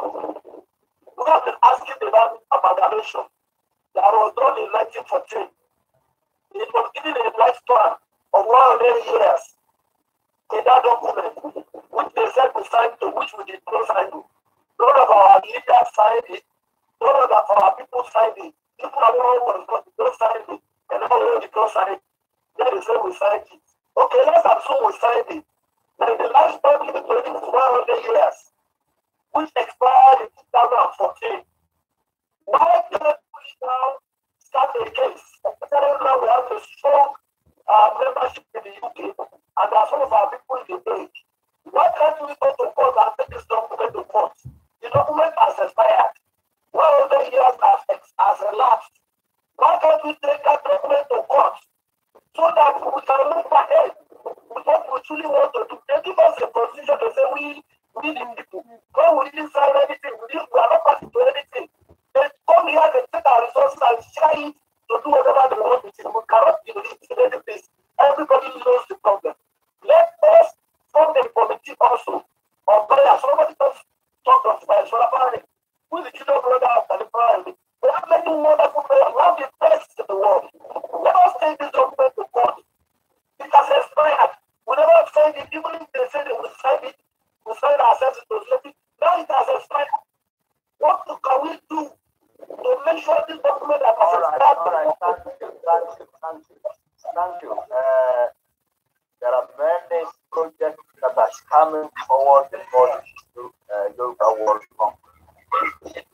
Look at them asking about, about adoption. That was done in 1914. It was given a lifespan of 100 years in that document, which they said we signed to, which we did not sign to. None of our leaders signed it. None of our people signed it. People are not was not signed it. And all of did not sign it. Then they said we signed it. Okay, let's assume we signed it. Then the last public is 100 years which expired in 2014. Why can't we now start a case? Especially now we have to strong uh, membership in the UK and there some of our people in the age. Why can't we go to court and take this document to court? The document has expired. Why all 100 years has, has elapsed. Why can't we take that document to court so that we can move ahead with what we truly want to do? They give us a position to say we need the people. we didn't sell anything, we didn't we are not passing to anything. They come here, they take our resources and share to do whatever they want with it. We cannot be in this. Everybody knows the problem. Let us form a committee also on prayer. Somebody just talked of my solar family. Who is the children We have many wonderful prayers. We have the best in the world. Let us take this document to God. It has expired. We never signed it, even they say they will it. we find ourselves in those places. Now it has expired. What can we do to make sure this document that all right, all right. Thank you, thank you, thank you, thank you. Uh, there are many projects that are coming forward before the uh, Yoga World Conference.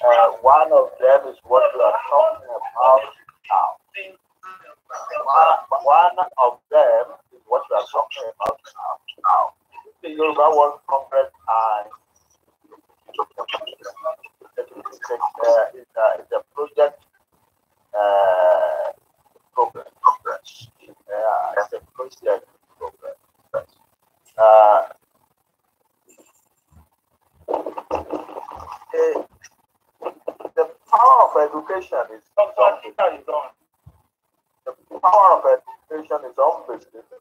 Uh, one of them is what we are talking about now. One, one of them is what we are talking about now the Yoruba World Congress uh, and uh, uh, it's a, project program. Yeah, it's a project program. the, power of education is, is on. The power of education is unprecedented.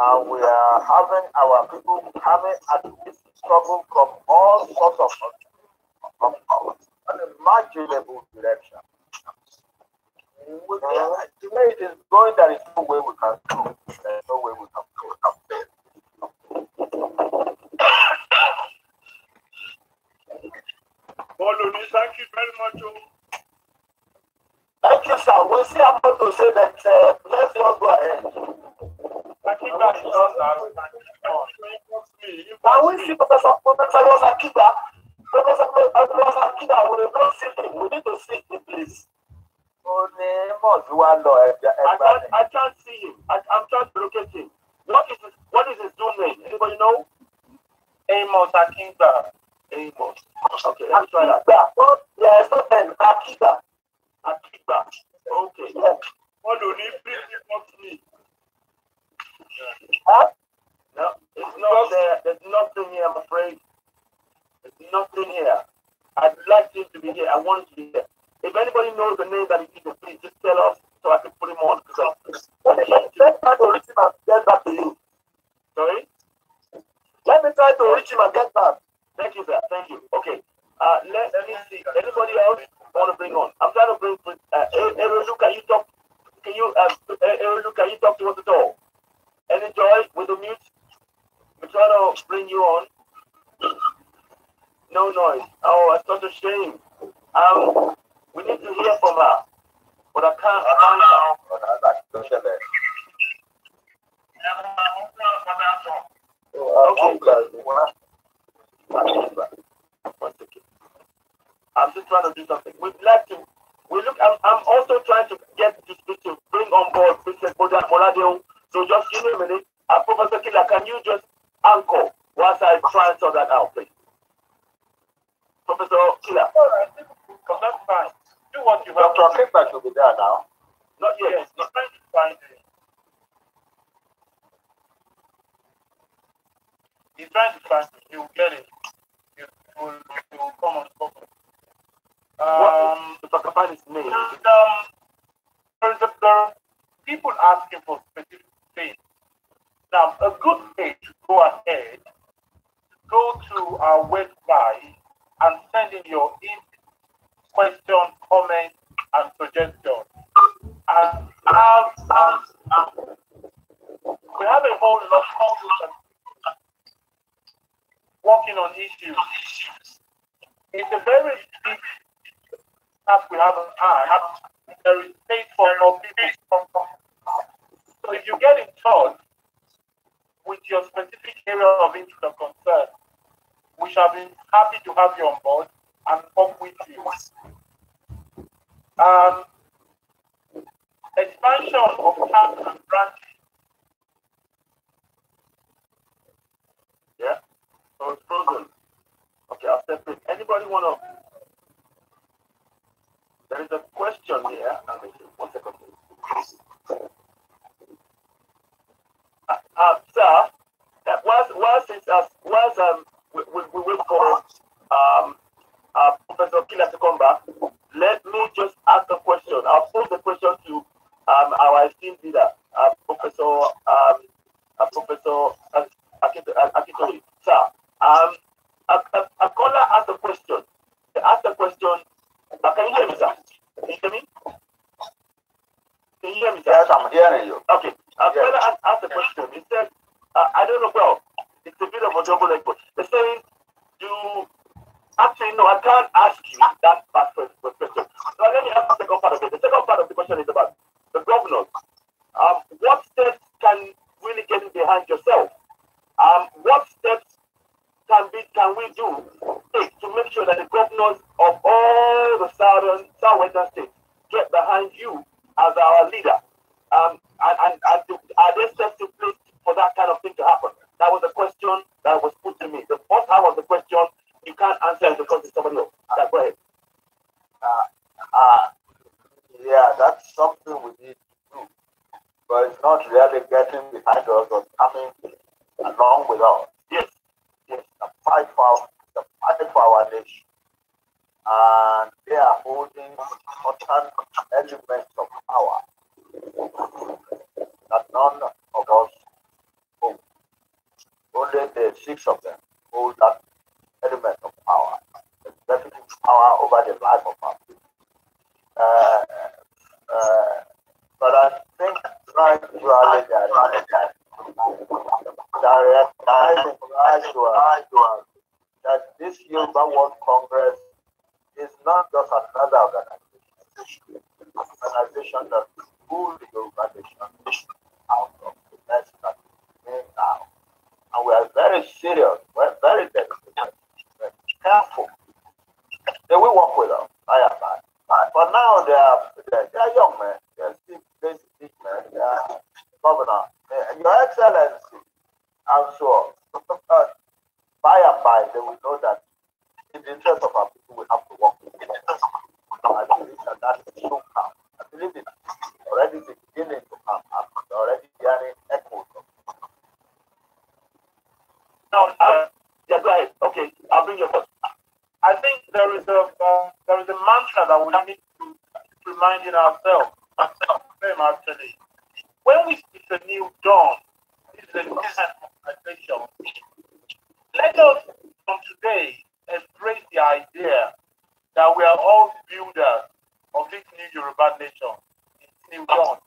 and we are having our people having a struggle from all sorts of, from of unimaginable direction. The way it is going, there is no way we can go. There is no way we can go. thank you very much. Oh. Thank you, sir. We see about to say that. Uh, let's just go ahead. I will see Professor Professor Rosa Kiba. Professor Rosa Kiba will not see him. We need to see him, please. Oh, I, I can't see him. I, I'm trying to What is his, what is his new name? Anybody know? Amos Akiba. Amos. Okay, let me try that. Oh, yeah, it's not him. Akiba. Okay. Yeah. What do you need? Please report No, it's not there. There's nothing here, I'm afraid. There's nothing here. I'd like you to be here. I want you to be here. If anybody knows the name that he please just tell us so I can put him on. Let me try to reach him and get back to you. Sorry? Let me try to reach him and get back. Thank you, sir. Thank you. Okay. Uh, let, let me see. Anybody else want to bring on? I'm trying to bring. Uh, Aaron, look, can you talk? Can you, uh, Aaron, look, can you talk to us at all? and enjoy with the mute. I'm trying to bring you on. No noise. Oh, that's such a shame. Um, we need to hear from her, but I can't find her. Okay. I'm just trying to do something. We'd like to. We look. I'm, I'm also trying to get to, to bring on board Princess Bola So just give me a minute. And uh, Professor Killer, can you just anchor whilst I try and sort that out, please? Professor Killer. All right, that's fine. Do what you have. Dr. Kipper should be there now. Not yet. Yes, not trying to find him. He's trying to find him. will get it. He will, He will come on top of it. Um, what is, talk about his name. And, um, there, there, people asking for specific faith. Now, a good way to go ahead, go to our website and send in your input, question, comment, and suggestion. And have, we have a whole lot of working on issues. It's a very big task we have on hand. There is space for people so if you get in touch with your specific area of interest or concern, we shall be happy to have you on board and work with you. Um, expansion of tax and branch. Yeah, so it's frozen. Okay, I'll separate. Anybody want to? There is a question here. One second, please uh, stuff that was was uh, was um we, we, we will um, uh, Professor Kila Tukomba. Let me just ask a question. I'll pose the question to um, our esteemed leader, uh, Professor um, uh, Professor uh, Akitori. Uh, sir, um, a, a, a caller asked a question. They asked a question. Uh, can you hear me, sir? Can you hear me? Can you hear me, sir? Yes, I'm hearing you. Okay. I yeah. fella asked, asked a question. He said, uh, I don't know, well, it's a bit of a double edged They're saying, you actually, no, I can't ask you that, first question. So let me ask the second part of it. The second part of the question is about the governors. Um, what steps can really get behind yourself? Um, what steps can be can we do take to make sure that the governors of all the southern southwestern states get behind you as our leader? um, and, and, and are they set to place for that kind of thing to happen? That was the question that was put to me. The first half was the question you can't answer because it's somebody else. Uh, go ahead. Uh, uh, yeah, that's something we need to do. But it's not really getting behind us or coming along with us. Yes. Yes, the fight for our, the fight for our nation. And they are holding important elements of power. that none of us hold. Only the six of them hold that element of power, executive power over the life of our people. Uh, uh, but I think right That this Yoruba World Congress is not just another organization, organization that out of the that we now. And we are very serious, we're very dedicated, careful. They will work with us, Bye bye. But now they are, they they are young men, they are big men, they are governor. Eh, your Excellency, I'm sure, by and by they will know that in the interest of our people, we have to work with them. And that is so calm already beginning to come up, already hearing echoes now, Okay, I'll bring your question. I think there is a uh, there is a mantra that we need to remind in ourselves, actually. When we see a new dawn, this is a new kind of conversation. Let us from today embrace the idea that we are all builders of this new Yoruba nation in one.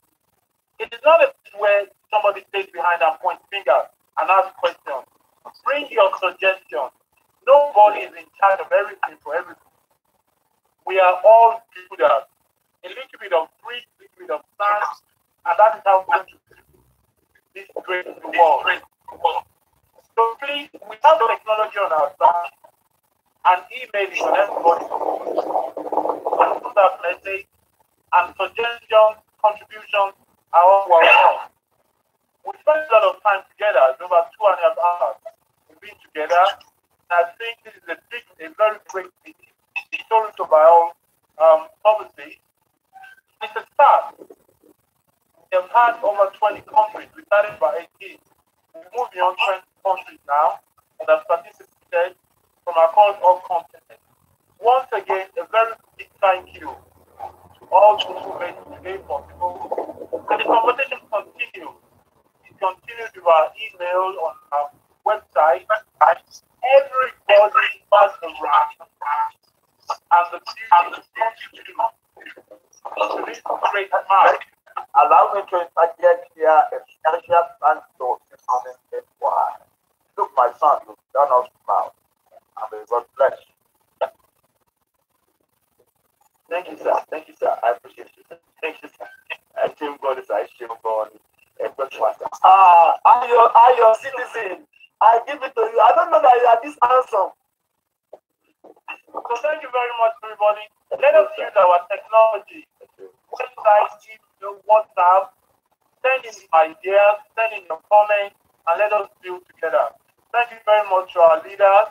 It is not a where somebody stays behind and points fingers and asks questions. Bring your suggestions. Nobody is in charge of everything for everything. We are all builders. A little bit of trees, a little bit of sand, and that is how we do this great world. So please, we have technology on our side, and email is on everybody. That 2008, and suggestions, contributions are all welcome. We spent a lot of time together, over two and a half hours. We've been together, and I think this is a big, a very great meeting. It's only to my own, um, obviously. It's a start. We have had over 20 countries. We started by 18. We're moving on 20 countries now, and have participated from across all continents. Once again, a very thank you to all those who made today possible. And the conversation continues. It continues through our email on our website. Everybody has the and the and the to this Allow me to interject here a special thanks to Simon Look, my son, you've done us proud. And may God bless you. Thank you, sir. Thank you, sir. I appreciate you. Thank you, sir. I ṣeun God, ni sir. Ẹ ṣeun gan ni. Ẹ gbọ́ tí wà sá. Ah, Ayọ̀ Ayọ̀ citizen, I give it to you. I don't know that you are this handsome. So thank you very much, everybody. Let us use our technology. Website, email, WhatsApp. Send in ideas, send in your comments, and let us build together. Thank you very much to our leaders.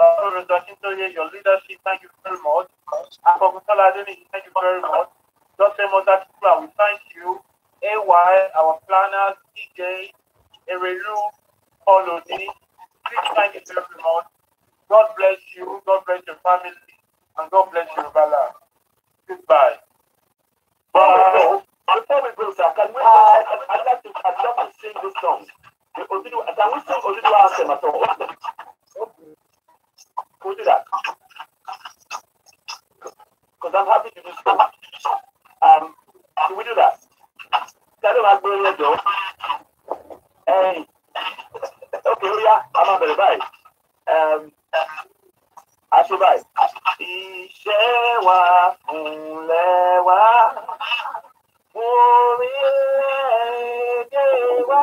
Dr. Doshintoye, your leadership, thank you very much. And Professor Ladeni, thank you very much. Dr. Motakula, we thank you. AY, our planners, TJ, Erelu, Olodi, please thank you very much. God bless you, God bless your family, and God bless your valor. Goodbye. Bye. Before we go, sir, can we, I, I'd, like to, I'd love to sing this song. Can we sing Odudu Anthem at all? go do that. Because I'm happy to do so. Um, can we do that? Can Kẹ́lẹ́ máa gbé lẹ́jọ́. Ẹyin. Ókè ó yá, a máa bẹ̀rẹ̀ báyìí. Aṣọ báyìí. Iṣẹ́ wa fúnlẹ̀ wa. Orílẹ̀-èdè wa.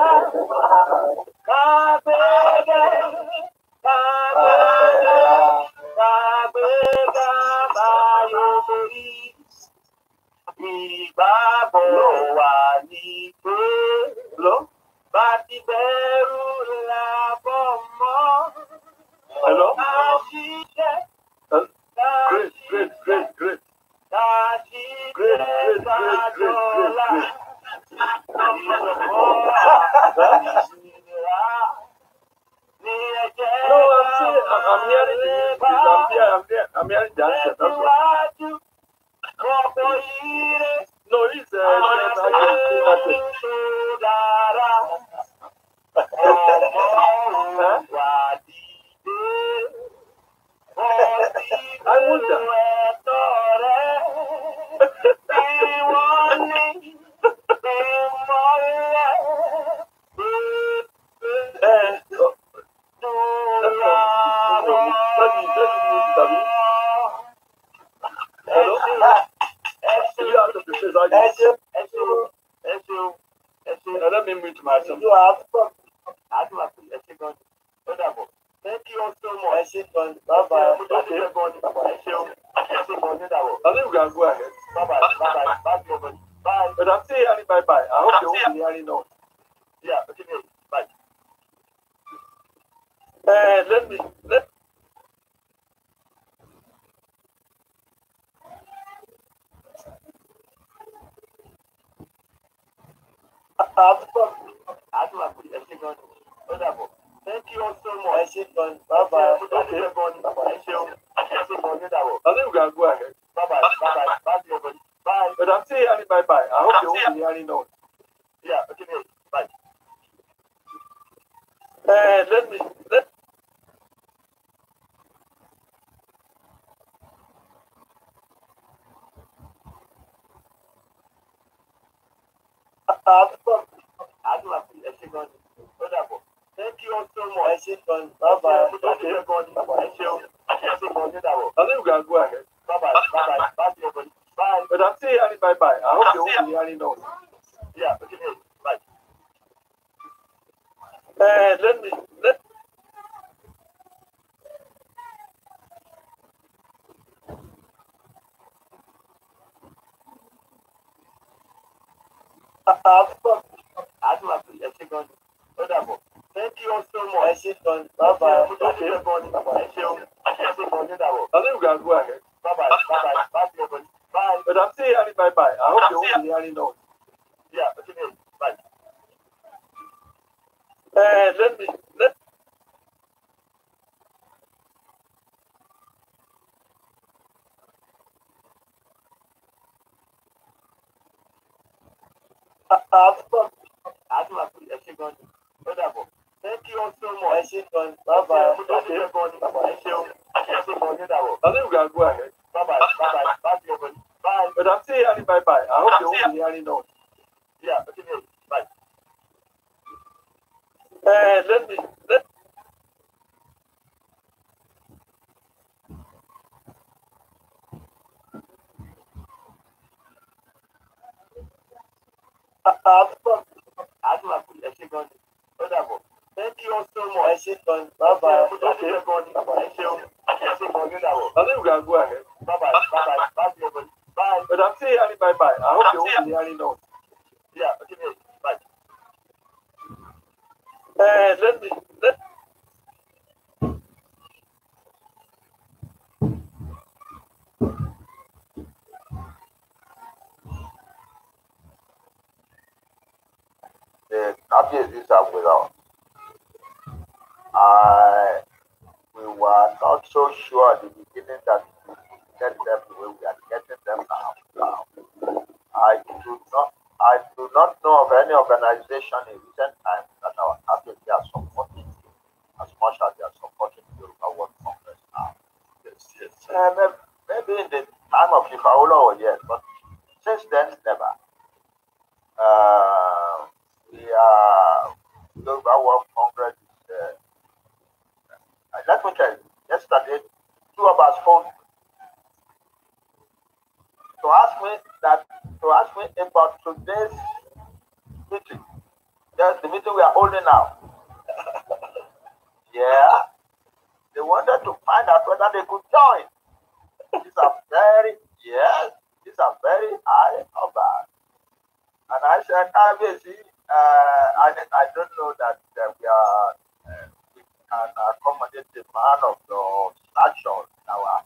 Kábẹ́gẹ́.
Gbàgbéga
gbàgbéga báyò lórí. Ìgbàgbọ́ wà ní pé bá ti bẹ̀rù làbọ̀ mọ́. Ká ṣiṣẹ́ ká ṣiṣẹ́ ká ṣiṣẹ́ bá dọ̀la. Ọmọ ọ̀la. I'm here, I'm here, I'm here. I'm here. I'm here. here. here. I'm I'm hearing Johnson. That's right. No, I'm here. I wonder. lọ́jọ́. ẹ ṣeun ẹ ṣeun ẹ ṣeun ẹ ṣeun ẹlẹ́mi mi tù máa ṣe. ìlú àádọ́ àádọ́ àti ẹ ṣe gan-an thank you so much. ẹ ṣe gan-an bàbá ẹ ṣe gan-an ẹ ṣeun ẹ ṣe gan-an ló dàbọ̀. ọdún ìgbà gbọ́ ẹ̀. bàbá bàbá bàbá bye. but i'm saying yani bye bye i hope you won't be yani now. yeah okay bye. Uh, let me let me. àdúgbò àdúgbò thank you so much Bye bye let me let. Thank you so much. Bye bye. let me let àdúrà tó yẹ thank you so much. bye bye i hope you won't be hearing now. so that uh, we are uh, we can accommodate the man of your stature in our.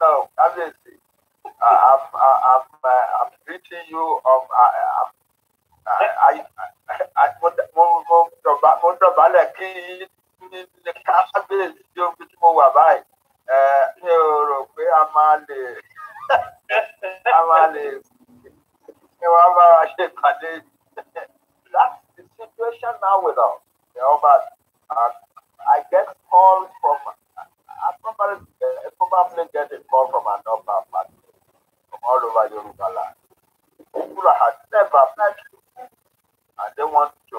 no, obviously, uh, I'm, uh, I'm, uh, I'm greeting you. Um, I, uh, um, uh, I, I, I, mo mo dọ̀bálẹ̀ kí ní kábíyèsí tí ó fi tí mo wà báyìí mi ò rò pé a máa lè a máa lè kí wọ́n bá wa ṣe ìpàdé láti. situation now with us, you know, but uh, I get calls from, I probably, uh, probably get a call from a number of parties from all over Yoruba land. People I had never met and they want to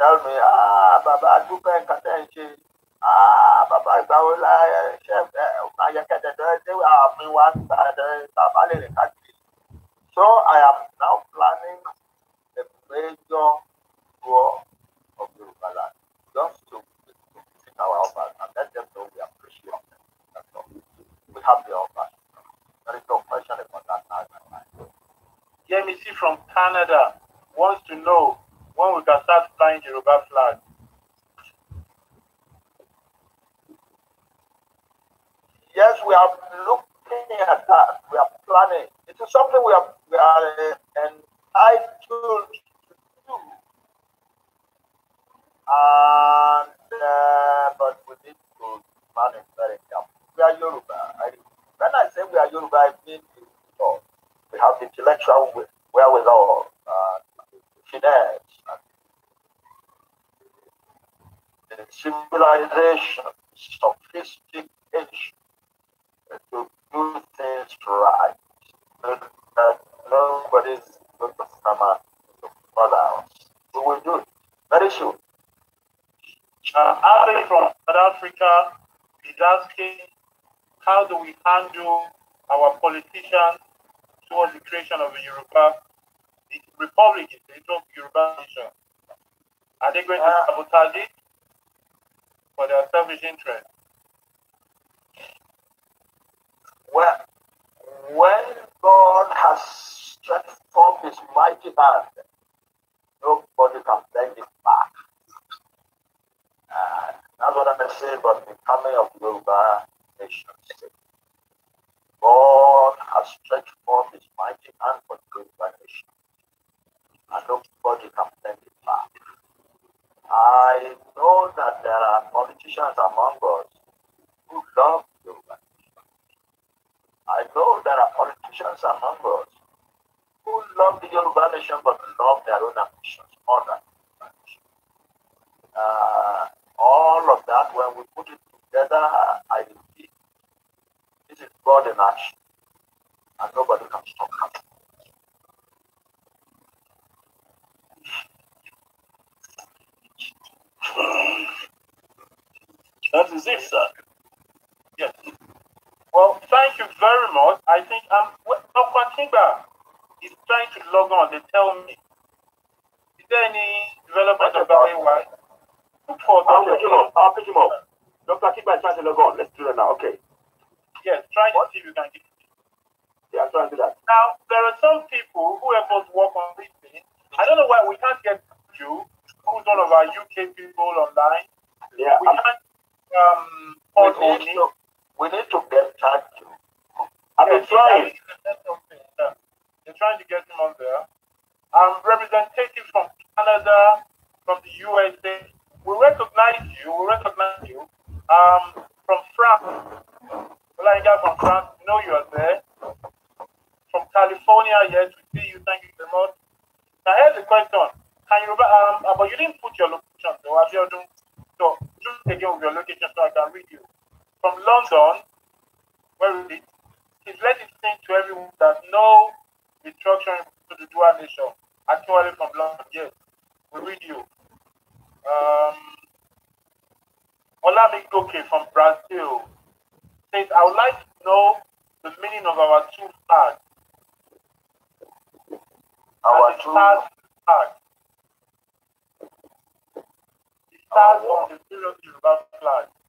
tell me, ah, Baba do pay attention, ah, Baba I Ibawola, Chef, Ayakete, they were me once, and Baba Lele So I am now planning a major poor of land. Just to, our and let them know we appreciate them. That's all. We have the offers. There is no question about that. Yemisi from Canada wants to know when we can start flying the Yoruba flag. Yes, we are looking at that. We are planning. It is something we are, we are uh, entitled and, uh, but we need to manage very carefully. We are Yoruba. I, when I say we are Yoruba, I mean we have the intellectual wherewithal, uh, finesse, and civilization, sophistication to do things right. That nobody's going to come out to us. We will do it very soon. Uh, others from South Africa is asking, how do we handle our politicians towards the creation of a Yoruba the republic, the Yoruba nation? Are they going to uh, sabotage it for their selfish interest? Well, when God has stretched forth his mighty hand, nobody can bend it back. Uh, that's what I'm say, about the coming of Yoruba nation. God has stretched forth his mighty hand for Yoruba nation. And nobody can bend it back. I know that there are politicians among us who love Yoruba nation. I know there are politicians among us who love the Yoruba nation but love their own ambitions more than Yoruba nation. Uh, all of that, when we put it together, I see this is God in action, and nobody can stop us. That is it, sir. Yes. Well, thank you very much. I think I'm, Dr. Kimba is trying to log on. They tell me. Is there any development about AY? I'll pick him up. I'll pick him up. Doctor, keep my chance to log on. Let's do that now. Okay. Yes, try to see if you can get it. Yeah, try to do that. Now, there are some people who have us work on this thing. I don't know why we can't get you, who's one of our UK people online. Yeah. We I'm, can't um, we, need to, we need to get touch. I've been trying. They're trying to get him on there. Um, representatives from Canada, from the USA, we recognize you, we recognize you. Um, from France, Elijah from France, we know you are there. From California, yes, we see you. Thank you very much. Now here's the question: Can you, um, uh, but you didn't put your location, so as you're doing, so just again with your location so I can read you. From London, where is it? He's let it sing to everyone that no destruction to the dual nation. Actually, from London, yes, we read you. Um, Olamide from Brazil says, I would like to know the meaning of our two stars. Our two stars. The stars oh. on the serious Yoruba flag.